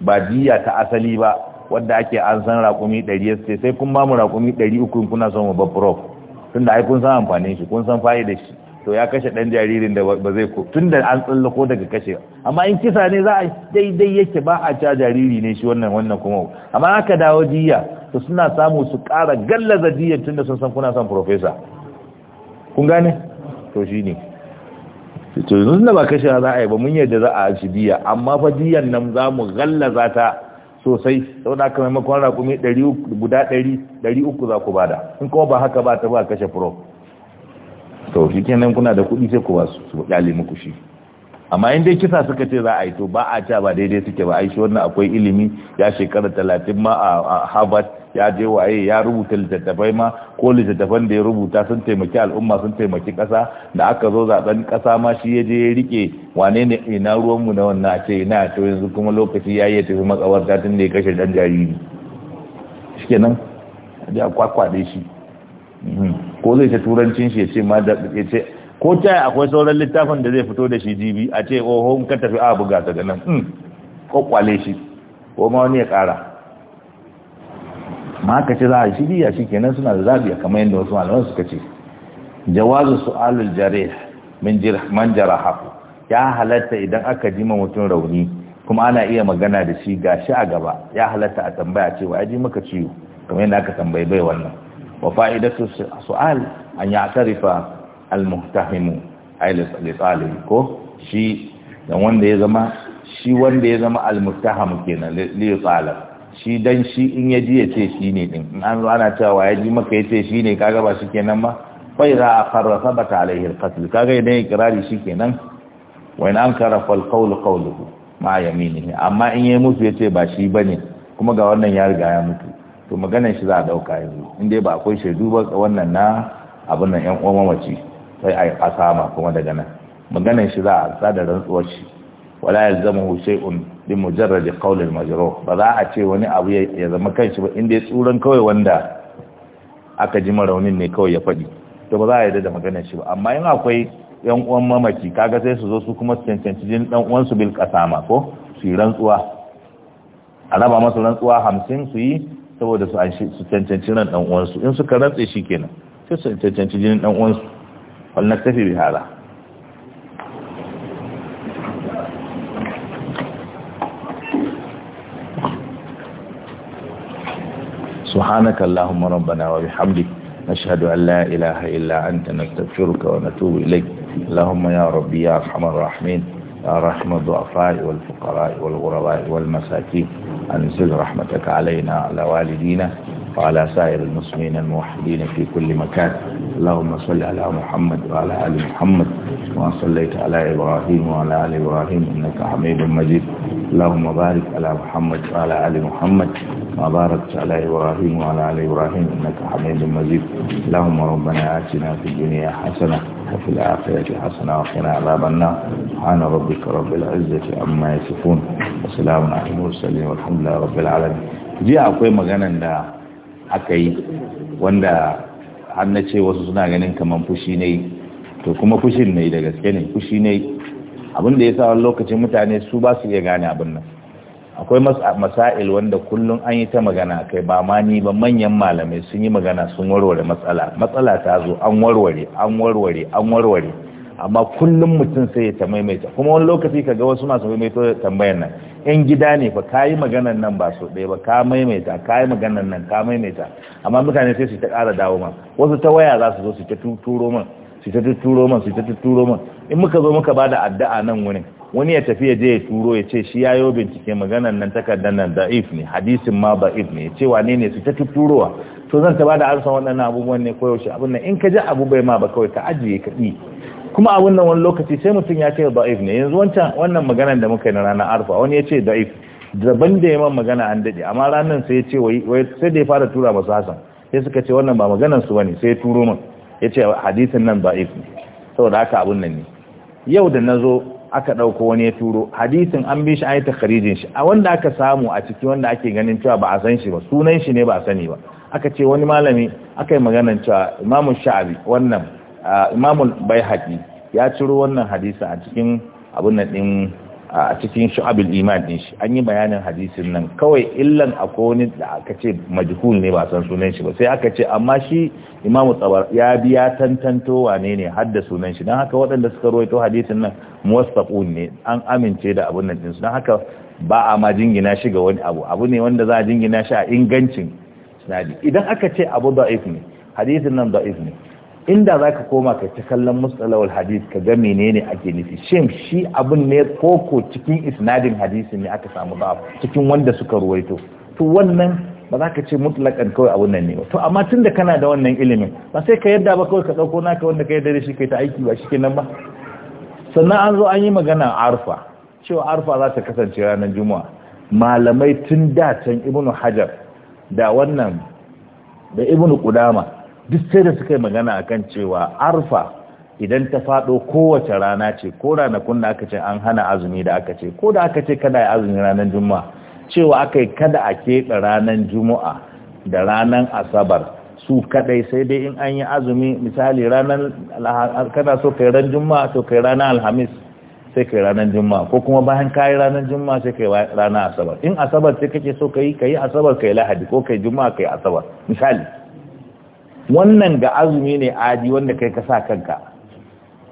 ba diya ta asali ba wanda ake an san raƙumi 100 sai sai kun ba mu raƙumi 300 kuna son mu ba prof tunda ai kun san amfanin shi kun san fa'idar shi to ya kashe dan jaririn da ba zai ko tunda an tsallako daga kashe amma in kisa ne za a daidai yake ba a ca jariri ne shi wannan wannan kuma amma aka dawo diya to suna samu su ƙara gallaza diyar tunda sun san kuna son professor kun gane to shi ne to yanzu da ba kashe za a yi ba mun yadda za a ci biya amma fa diyan nan za mu gallaza ta sosai sau da kamar makon rakumi guda ɗari uku za ku bada in kuma ba haka ba ta ba kashe furo to shi kenan kuna da kuɗi sai ku ba su ɗale muku shi amma in dai kisa suka ce za a yi to ba a ca ba daidai suke ba aishi wannan akwai ilimi ya shekara talatin ma a harvard ya je waye ya rubuta littattafai ma ko littattafan da ya rubuta sun taimaki al'umma sun taimaki kasa da aka zo zaben kasa ma shi ya je ya rike wane ne ina ruwanmu na wannan a ce ina to yanzu kuma lokaci ya yi tafi matsawarta tun da ya kashe dan jariri shikenan ya kwakwade shi mhm. ko zai ta turancin shi ya ce ma da ya ce ko ta akwai sauran littafin da zai fito da shi jibi a ce oho in ka tafi a buga daga nan in hmm, kwakwale shi ko ma wani ya kara ma ka ce za a yi shi kenan suna da zaɓi kamar yadda wasu malaman suka ce jawazu su'alul jarih min man jarahaku ya halatta idan aka ji ma mutum rauni kuma ana iya magana da shi gashi a gaba ya halatta a tambaya cewa ji maka ciwo kamar yadda aka tambayi bai wannan wa fa'idatu su'al an ya'tarifa al-muhtahimu ko shi dan wanda ya zama shi wanda ya zama al-muhtaham kenan li shi dan shi in yaji ya ce shi ne din in an zo ana cewa ya ji maka ya ce shi ne kaga ba shi kenan ma fa idza aqarra sabata alaihi al-qatl kaga idan ikrari shi kenan wa in ankara fal qawl qawluhu ma yaminihi amma in yayi musu ya ce ba shi bane kuma ga wannan ya riga ya mutu to maganar shi za a dauka yanzu in ba akwai shaidu ba wannan na abin nan yan uwan mamaci sai a yi ma kuma daga nan maganin shi za a tsada rantsuwar shi wala ya zama un bi mujarrad da kaulin majiro ba za a ce wani abu ya zama kanshi ba inda ya tsuran kawai wanda aka ji maraunin ne kawai ya faɗi to ba za a yarda da maganin shi ba amma in akwai yan uwan mamaki kaga sai su zo su kuma su cancanci jin dan uwan su bil ma ko su yi rantsuwa a raba masu rantsuwa hamsin su yi saboda su cancanci ran dan uwansu in suka rantse shi kenan sai su cancanci jinin dan uwansu ولنكتفي بهذا سبحانك اللهم ربنا وبحمدك نشهد أن لا إله إلا أنت نستغفرك ونتوب إليك اللهم يا ربي يا أرحم الراحمين يا رحم الضعفاء والفقراء والغرباء والمساكين أنزل رحمتك علينا على والدينا وعلى سائر المسلمين الموحدين في كل مكان اللهم صل على محمد وعلى آل محمد وصليت على إبراهيم وعلى آل إبراهيم إنك حميد مجيد اللهم بارك على محمد وعلى آل محمد وباركت على إبراهيم وعلى آل إبراهيم إنك حميد مجيد اللهم ربنا آتنا في الدنيا حسنة وفي الآخرة حسنة وقنا عذاب النار سبحان ربك رب العزة عما يصفون وسلام على المرسلين والحمد لله رب العالمين جاء أقوى مغانا aka yi wanda har na ce wasu suna ganin kamar fushi ne to kuma fushin ne da gaske ne fushi ne abin da ya sa wani lokacin mutane su ba su iya gane abin nan akwai masail wanda kullum an yi ta magana kai ba ma ni ba manyan malamai sun yi magana sun warware matsala matsala ta zo an warware an warware an warware amma kullum mutum sai ya ta maimaita kuma wani lokaci ka ga wasu masu maimaito tambayar nan yan gida ne fa ka yi maganar nan ba so ɗaya ba ka maimaita ka yi maganar nan ka maimaita amma mutane sai su ta ƙara dawo ma wasu ta waya za su zo su ta tuturo man su ta tuturo man su ta tuturo man in muka zo muka bada addu'a nan wurin wani ya tafi ya je ya turo ya ce shi yayo bincike maganar nan takardar nan da if ne hadisin ma ba if ne ya ce wane ne su ta tuturowa to zan ta bada arsan waɗannan abubuwan ne koyaushe abin nan in ka ji abu bai ma ba kawai ka ajiye ka ɗi kuma abin nan wani lokaci sai mutum ya ce da'if ne yanzu wancan wannan magana da muka yi na ranar arfa wani ya ce da'if daban da yaman magana an daɗe amma ranar sai ya ce sai da ya fara tura masu hasan sai suka ce wannan ba maganar su bane sai ya turo min ya ce hadisin nan da'if ne saboda haka abin nan ne yau da na zo aka ɗauko wani ya turo hadisin an bi shi an yi takharijin shi a wanda aka samu a ciki wanda ake ganin cewa ba a san shi ba sunan shi ne ba a sani ba aka ce wani malami aka yi maganar cewa imamu sha'abi wannan imamul baihaqi ya ciro wannan hadisi a cikin abun nan din a cikin shu'abul iman ɗin shi an yi bayanin hadisin nan kawai illan akwai wani da aka ce majhul ne ba san sunan shi ba sai aka ce amma shi imamu tsabar ya bi ya tantanto wane ne har da sunan shi don haka waɗanda suka rawaito hadisin nan muwassaqun ne an amince da abun nan din su don haka ba a ma jingina shi ga wani abu abu ne wanda za a jingina shi a ingancin sinadi idan aka ce abu da'if ne hadisin nan da'if ne inda za ka koma ka ci kallon mustalawar hadis ka ga menene ake nufi shin shi abin ne koko cikin isnadin hadisi ne aka samu ba cikin wanda suka ruwaito to wannan ba za ka ce mutlakan kawai abun nan ne ba to amma tun da kana da wannan ilimin ba sai ka yadda ba kawai ka ɗauko naka wanda ka yadda da shi kai ta aiki ba shi kenan ba sannan an zo an yi magana arfa cewa arfa za ta kasance ranar juma'a malamai tun da can ibnu hajar da wannan da ibnu kudama duk sai da suka yi magana akan cewa arfa idan ta faɗo kowace rana ce ko ranakun da aka ce an hana azumi da aka ce ko da aka ce kada ya azumi ranar juma'a cewa aka yi kada a keɓe ranar juma'a da ranar asabar su kadai sai dai in an yi azumi misali ranar kana so kai ran juma'a to kai ranar alhamis sai kai ranar juma'a ko kuma bayan yi ranar juma'a sai kai ranar asabar in asabar sai kake so kai kai asabar kai lahadi ko kai juma'a kai asabar misali wannan ga azumi ne aji wanda kai ka sa kanka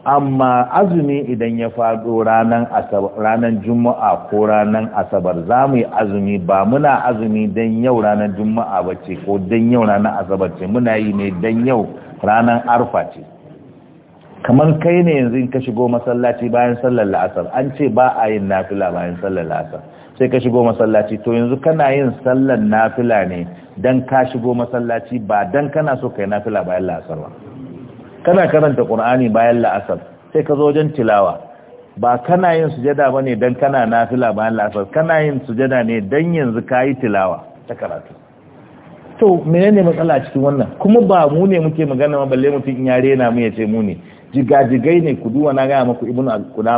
amma azumi idan ya faɗo ranar juma'a ko ranar asabar za mu yi azumi ba muna azumi don yau ranar juma'a ba ce ko don yau ranar asabar ce muna yi ne don yau ranar arfa ce kamar kai ne yanzu in ka shigo masallaci bayan sallar la'asar an ce ba a yin nafila bayan sallar la'asar sai ka shigo masallaci to yanzu kana yin sallan nafila ne dan ka shigo masallaci ba dan kana so kai nafila bayan la'asar ba kana karanta qur'ani bayan la'asar sai ka zo wajen tilawa ba kana yin sujada bane dan kana nafila bayan la'asar kana yin sujada ne dan yanzu kayi tilawa ta karatu to menene matsala cikin wannan kuma ba mu ne muke magana ba balle mutum in ya rena mu ya ce mu ne jigajigai ne ku duwa na gaya maku ibnu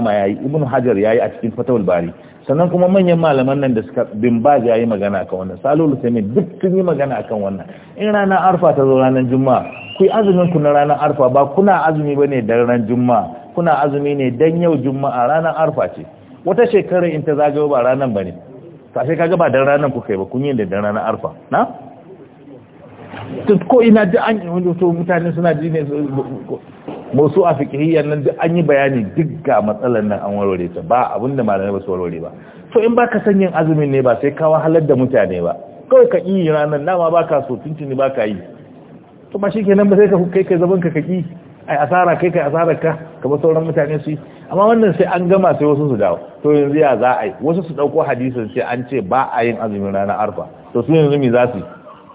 ya yayi ibnu hajar yayi a cikin fatawul bari sannan kuma manyan malaman nan da suka bin ba ya yayi magana akan wannan salul husaini duk sun yi magana akan wannan in ranar arfa ta zo ranar juma'a ku yi azumin ku na ranar arfa ba kuna azumi bane da ranar juma'a kuna azumi ne dan yau juma'a ranar arfa ce wata shekara in ta zagayo ba ranar bane sai kaga ba dan ranar ku kai ba kun yi da dan ranar arfa na ko ina da an yi wani mutane suna ji ne musu a fikihiyyar nan duk an yi bayani duk ga matsalar nan an warware ta ba abinda malamai ba su warware ba to in baka san yin azumin ne ba sai ka wahalar da mutane ba kawai ka yi ranar nama ba ka so ba ka yi to ba shikenan ba sai ka kai kai zaman ka kaki ai asara kai kai asara ka kamar sauran mutane su yi amma wannan sai an gama sai wasu su dawo to yanzu ya za a yi wasu su dauko hadisin sai an ce ba a yin azumin ranar arfa to su yanzu mi za su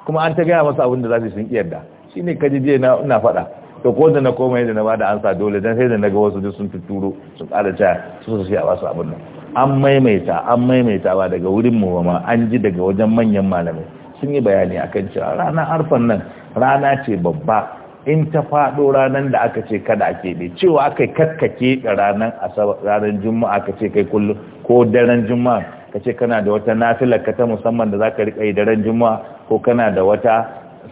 kuma an ta gaya masa abin da za su yi sun yarda shine ka je na ina faɗa to ko da na koma yadda na bada ansa dole don sai da naga wasu duk sun tuturo sun kada ta su su a wasu abin nan an maimaita an maimaita ba daga wurin mu ma an ji daga wajen manyan malamai sun yi bayani kan cewa rana arfan nan rana ce babba in ta faɗo ranar da aka ce kada a keɓe cewa aka kakkake ranar ranar juma'a ka ce kai kullum ko daren juma'a ka ce kana da wata nafilar ka ta musamman da za ka riƙa yi daren juma'a ko kana da wata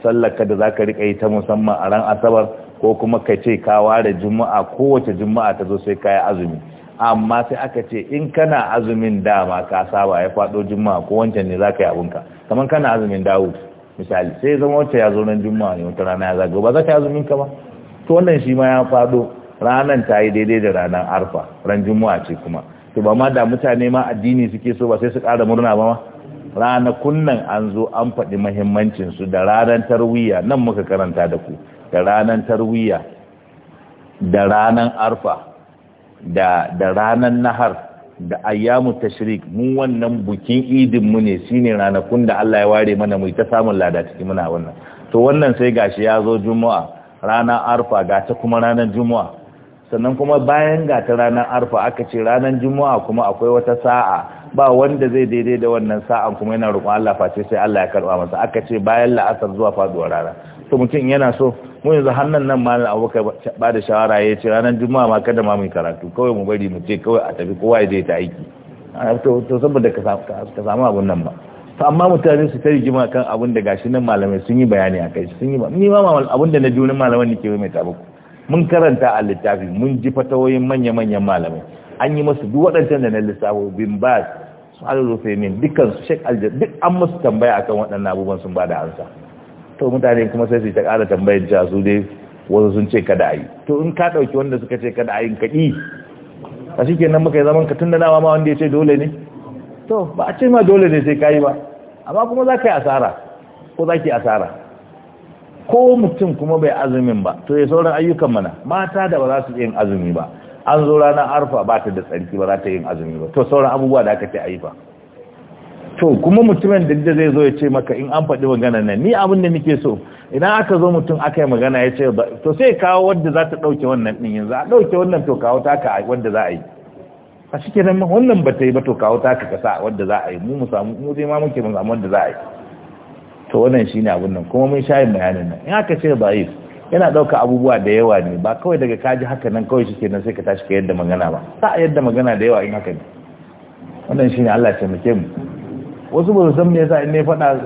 sallar ka da ka riƙa yi ta musamman a ran asabar ko kuma ka ce ka ware juma'a kowace juma'a ta zo sai ka yi azumi amma sai aka ce in kana azumin dama ka saba ya faɗo juma'a ko wancan ne za ka yi abinka kamar kana azumin dawo misali sai zama wacce ya zo nan juma'a ne wata rana ya zagayo ba za ka yi azumin ka ba to wannan shi ma ya faɗo ranan ta yi daidai da ranar arfa ran juma'a ce kuma to ba ma da mutane ma addini suke so ba sai su ƙara murna ba ma ranakun nan an zo an faɗi mahimmancin da ranar tarwiyya nan muka karanta da ku da ranan tarwiya da ranan arfa da da ranan nahar da ayyamu tashrik mu wannan bukin idin mu ne shine ranakun da Allah ya ware mana mu ta samun lada cikin muna wannan to wannan sai gashi ya zo juma'a ranar arfa ga ta kuma ranar juma'a sannan kuma bayan ga ta ranar arfa aka ce ranar juma'a kuma akwai wata sa'a ba wanda zai daidai da wannan sa'an kuma yana roƙon Allah face sai Allah ya karba masa aka ce bayan la'asar zuwa faduwar rana to mutum yana so mun yanzu hannun nan ma abokai ba da shawara ya ce ranar juma'a ma kada ma mai karatu kawai mu bari mu ce kawai a tafi kowa ya je ta aiki to saboda ka samu abun nan ba to amma mutane su ta rigima kan abun da gashi nan malamai sun yi bayani a kai sun yi ba ni ma abun da na junin malaman nake mai ta mun karanta a littafi mun ji fatawoyin manya-manyan malamai an yi masu duk waɗancan da na lissafo bin ba su alurufe min dukkan su shek aljihar duk an masu tambaya akan waɗannan abubuwan sun ba da ansa to mutane kuma sai su ta ƙara tambayar cewa su dai wasu sun ce kada ayi. to in ka dauki wanda suka ce kada ayin ka yi a shi kenan muka yi zaman ka tun da dama ma wanda ya ce dole ne to ba a ce ma dole ne sai ka yi ba amma kuma za ka yi asara ko za ki asara ko mutum kuma bai azumin ba to ya sauran ayyukan mana mata da ba za su yin azumi ba an zo ranar arfa ba ta da tsarki ba za ta yin azumi ba to sauran abubuwa da aka ce ayi fa. to kuma mutumin da zai zo ya ce maka in an faɗi magana nan ni abin da nake so idan aka zo mutum aka yi magana ya ce to sai kawo wadda za ta ɗauke wannan ɗin yanzu a ɗauke wannan to kawo taka wadda za a yi a cikin nan wannan ba ta yi ba to kawo taka kasa wadda za a yi mu musamu mu zai ma muke mu samu wadda za a yi to wannan shi ne abin nan kuma mun sha yin bayanin nan in aka ce ba yi yana ɗauka abubuwa da yawa ne ba kawai daga kaji haka nan kawai shike nan sai ka tashi ka yadda magana ba sa a yadda magana da yawa in haka ne wannan shi ne Allah ya taimake mu wasu ba su san me yasa in ne faɗa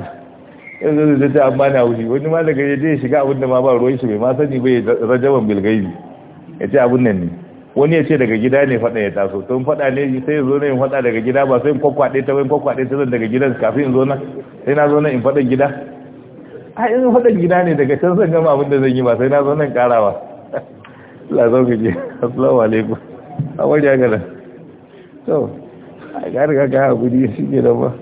yanzu zai ta amma na wuri wani ma daga ya shiga abin da ma ba ruwan shi bai ma sani bai rajaban bilgaibi ya ce abin nan ne wani ya ce daga gida ne faɗa ya taso to in faɗa ne sai zo na in faɗa daga gida ba sai in kwakwaɗe ta bai kwakwaɗe ta zan daga gidan kafin in zo na sai na zo na in faɗa gida a in faɗa gida ne daga can zan gama abin da zan yi ba sai na zo in karawa Allah zo ku je assalamu alaikum a wani ya gana to a ga riga ga hakuri shi ke da ba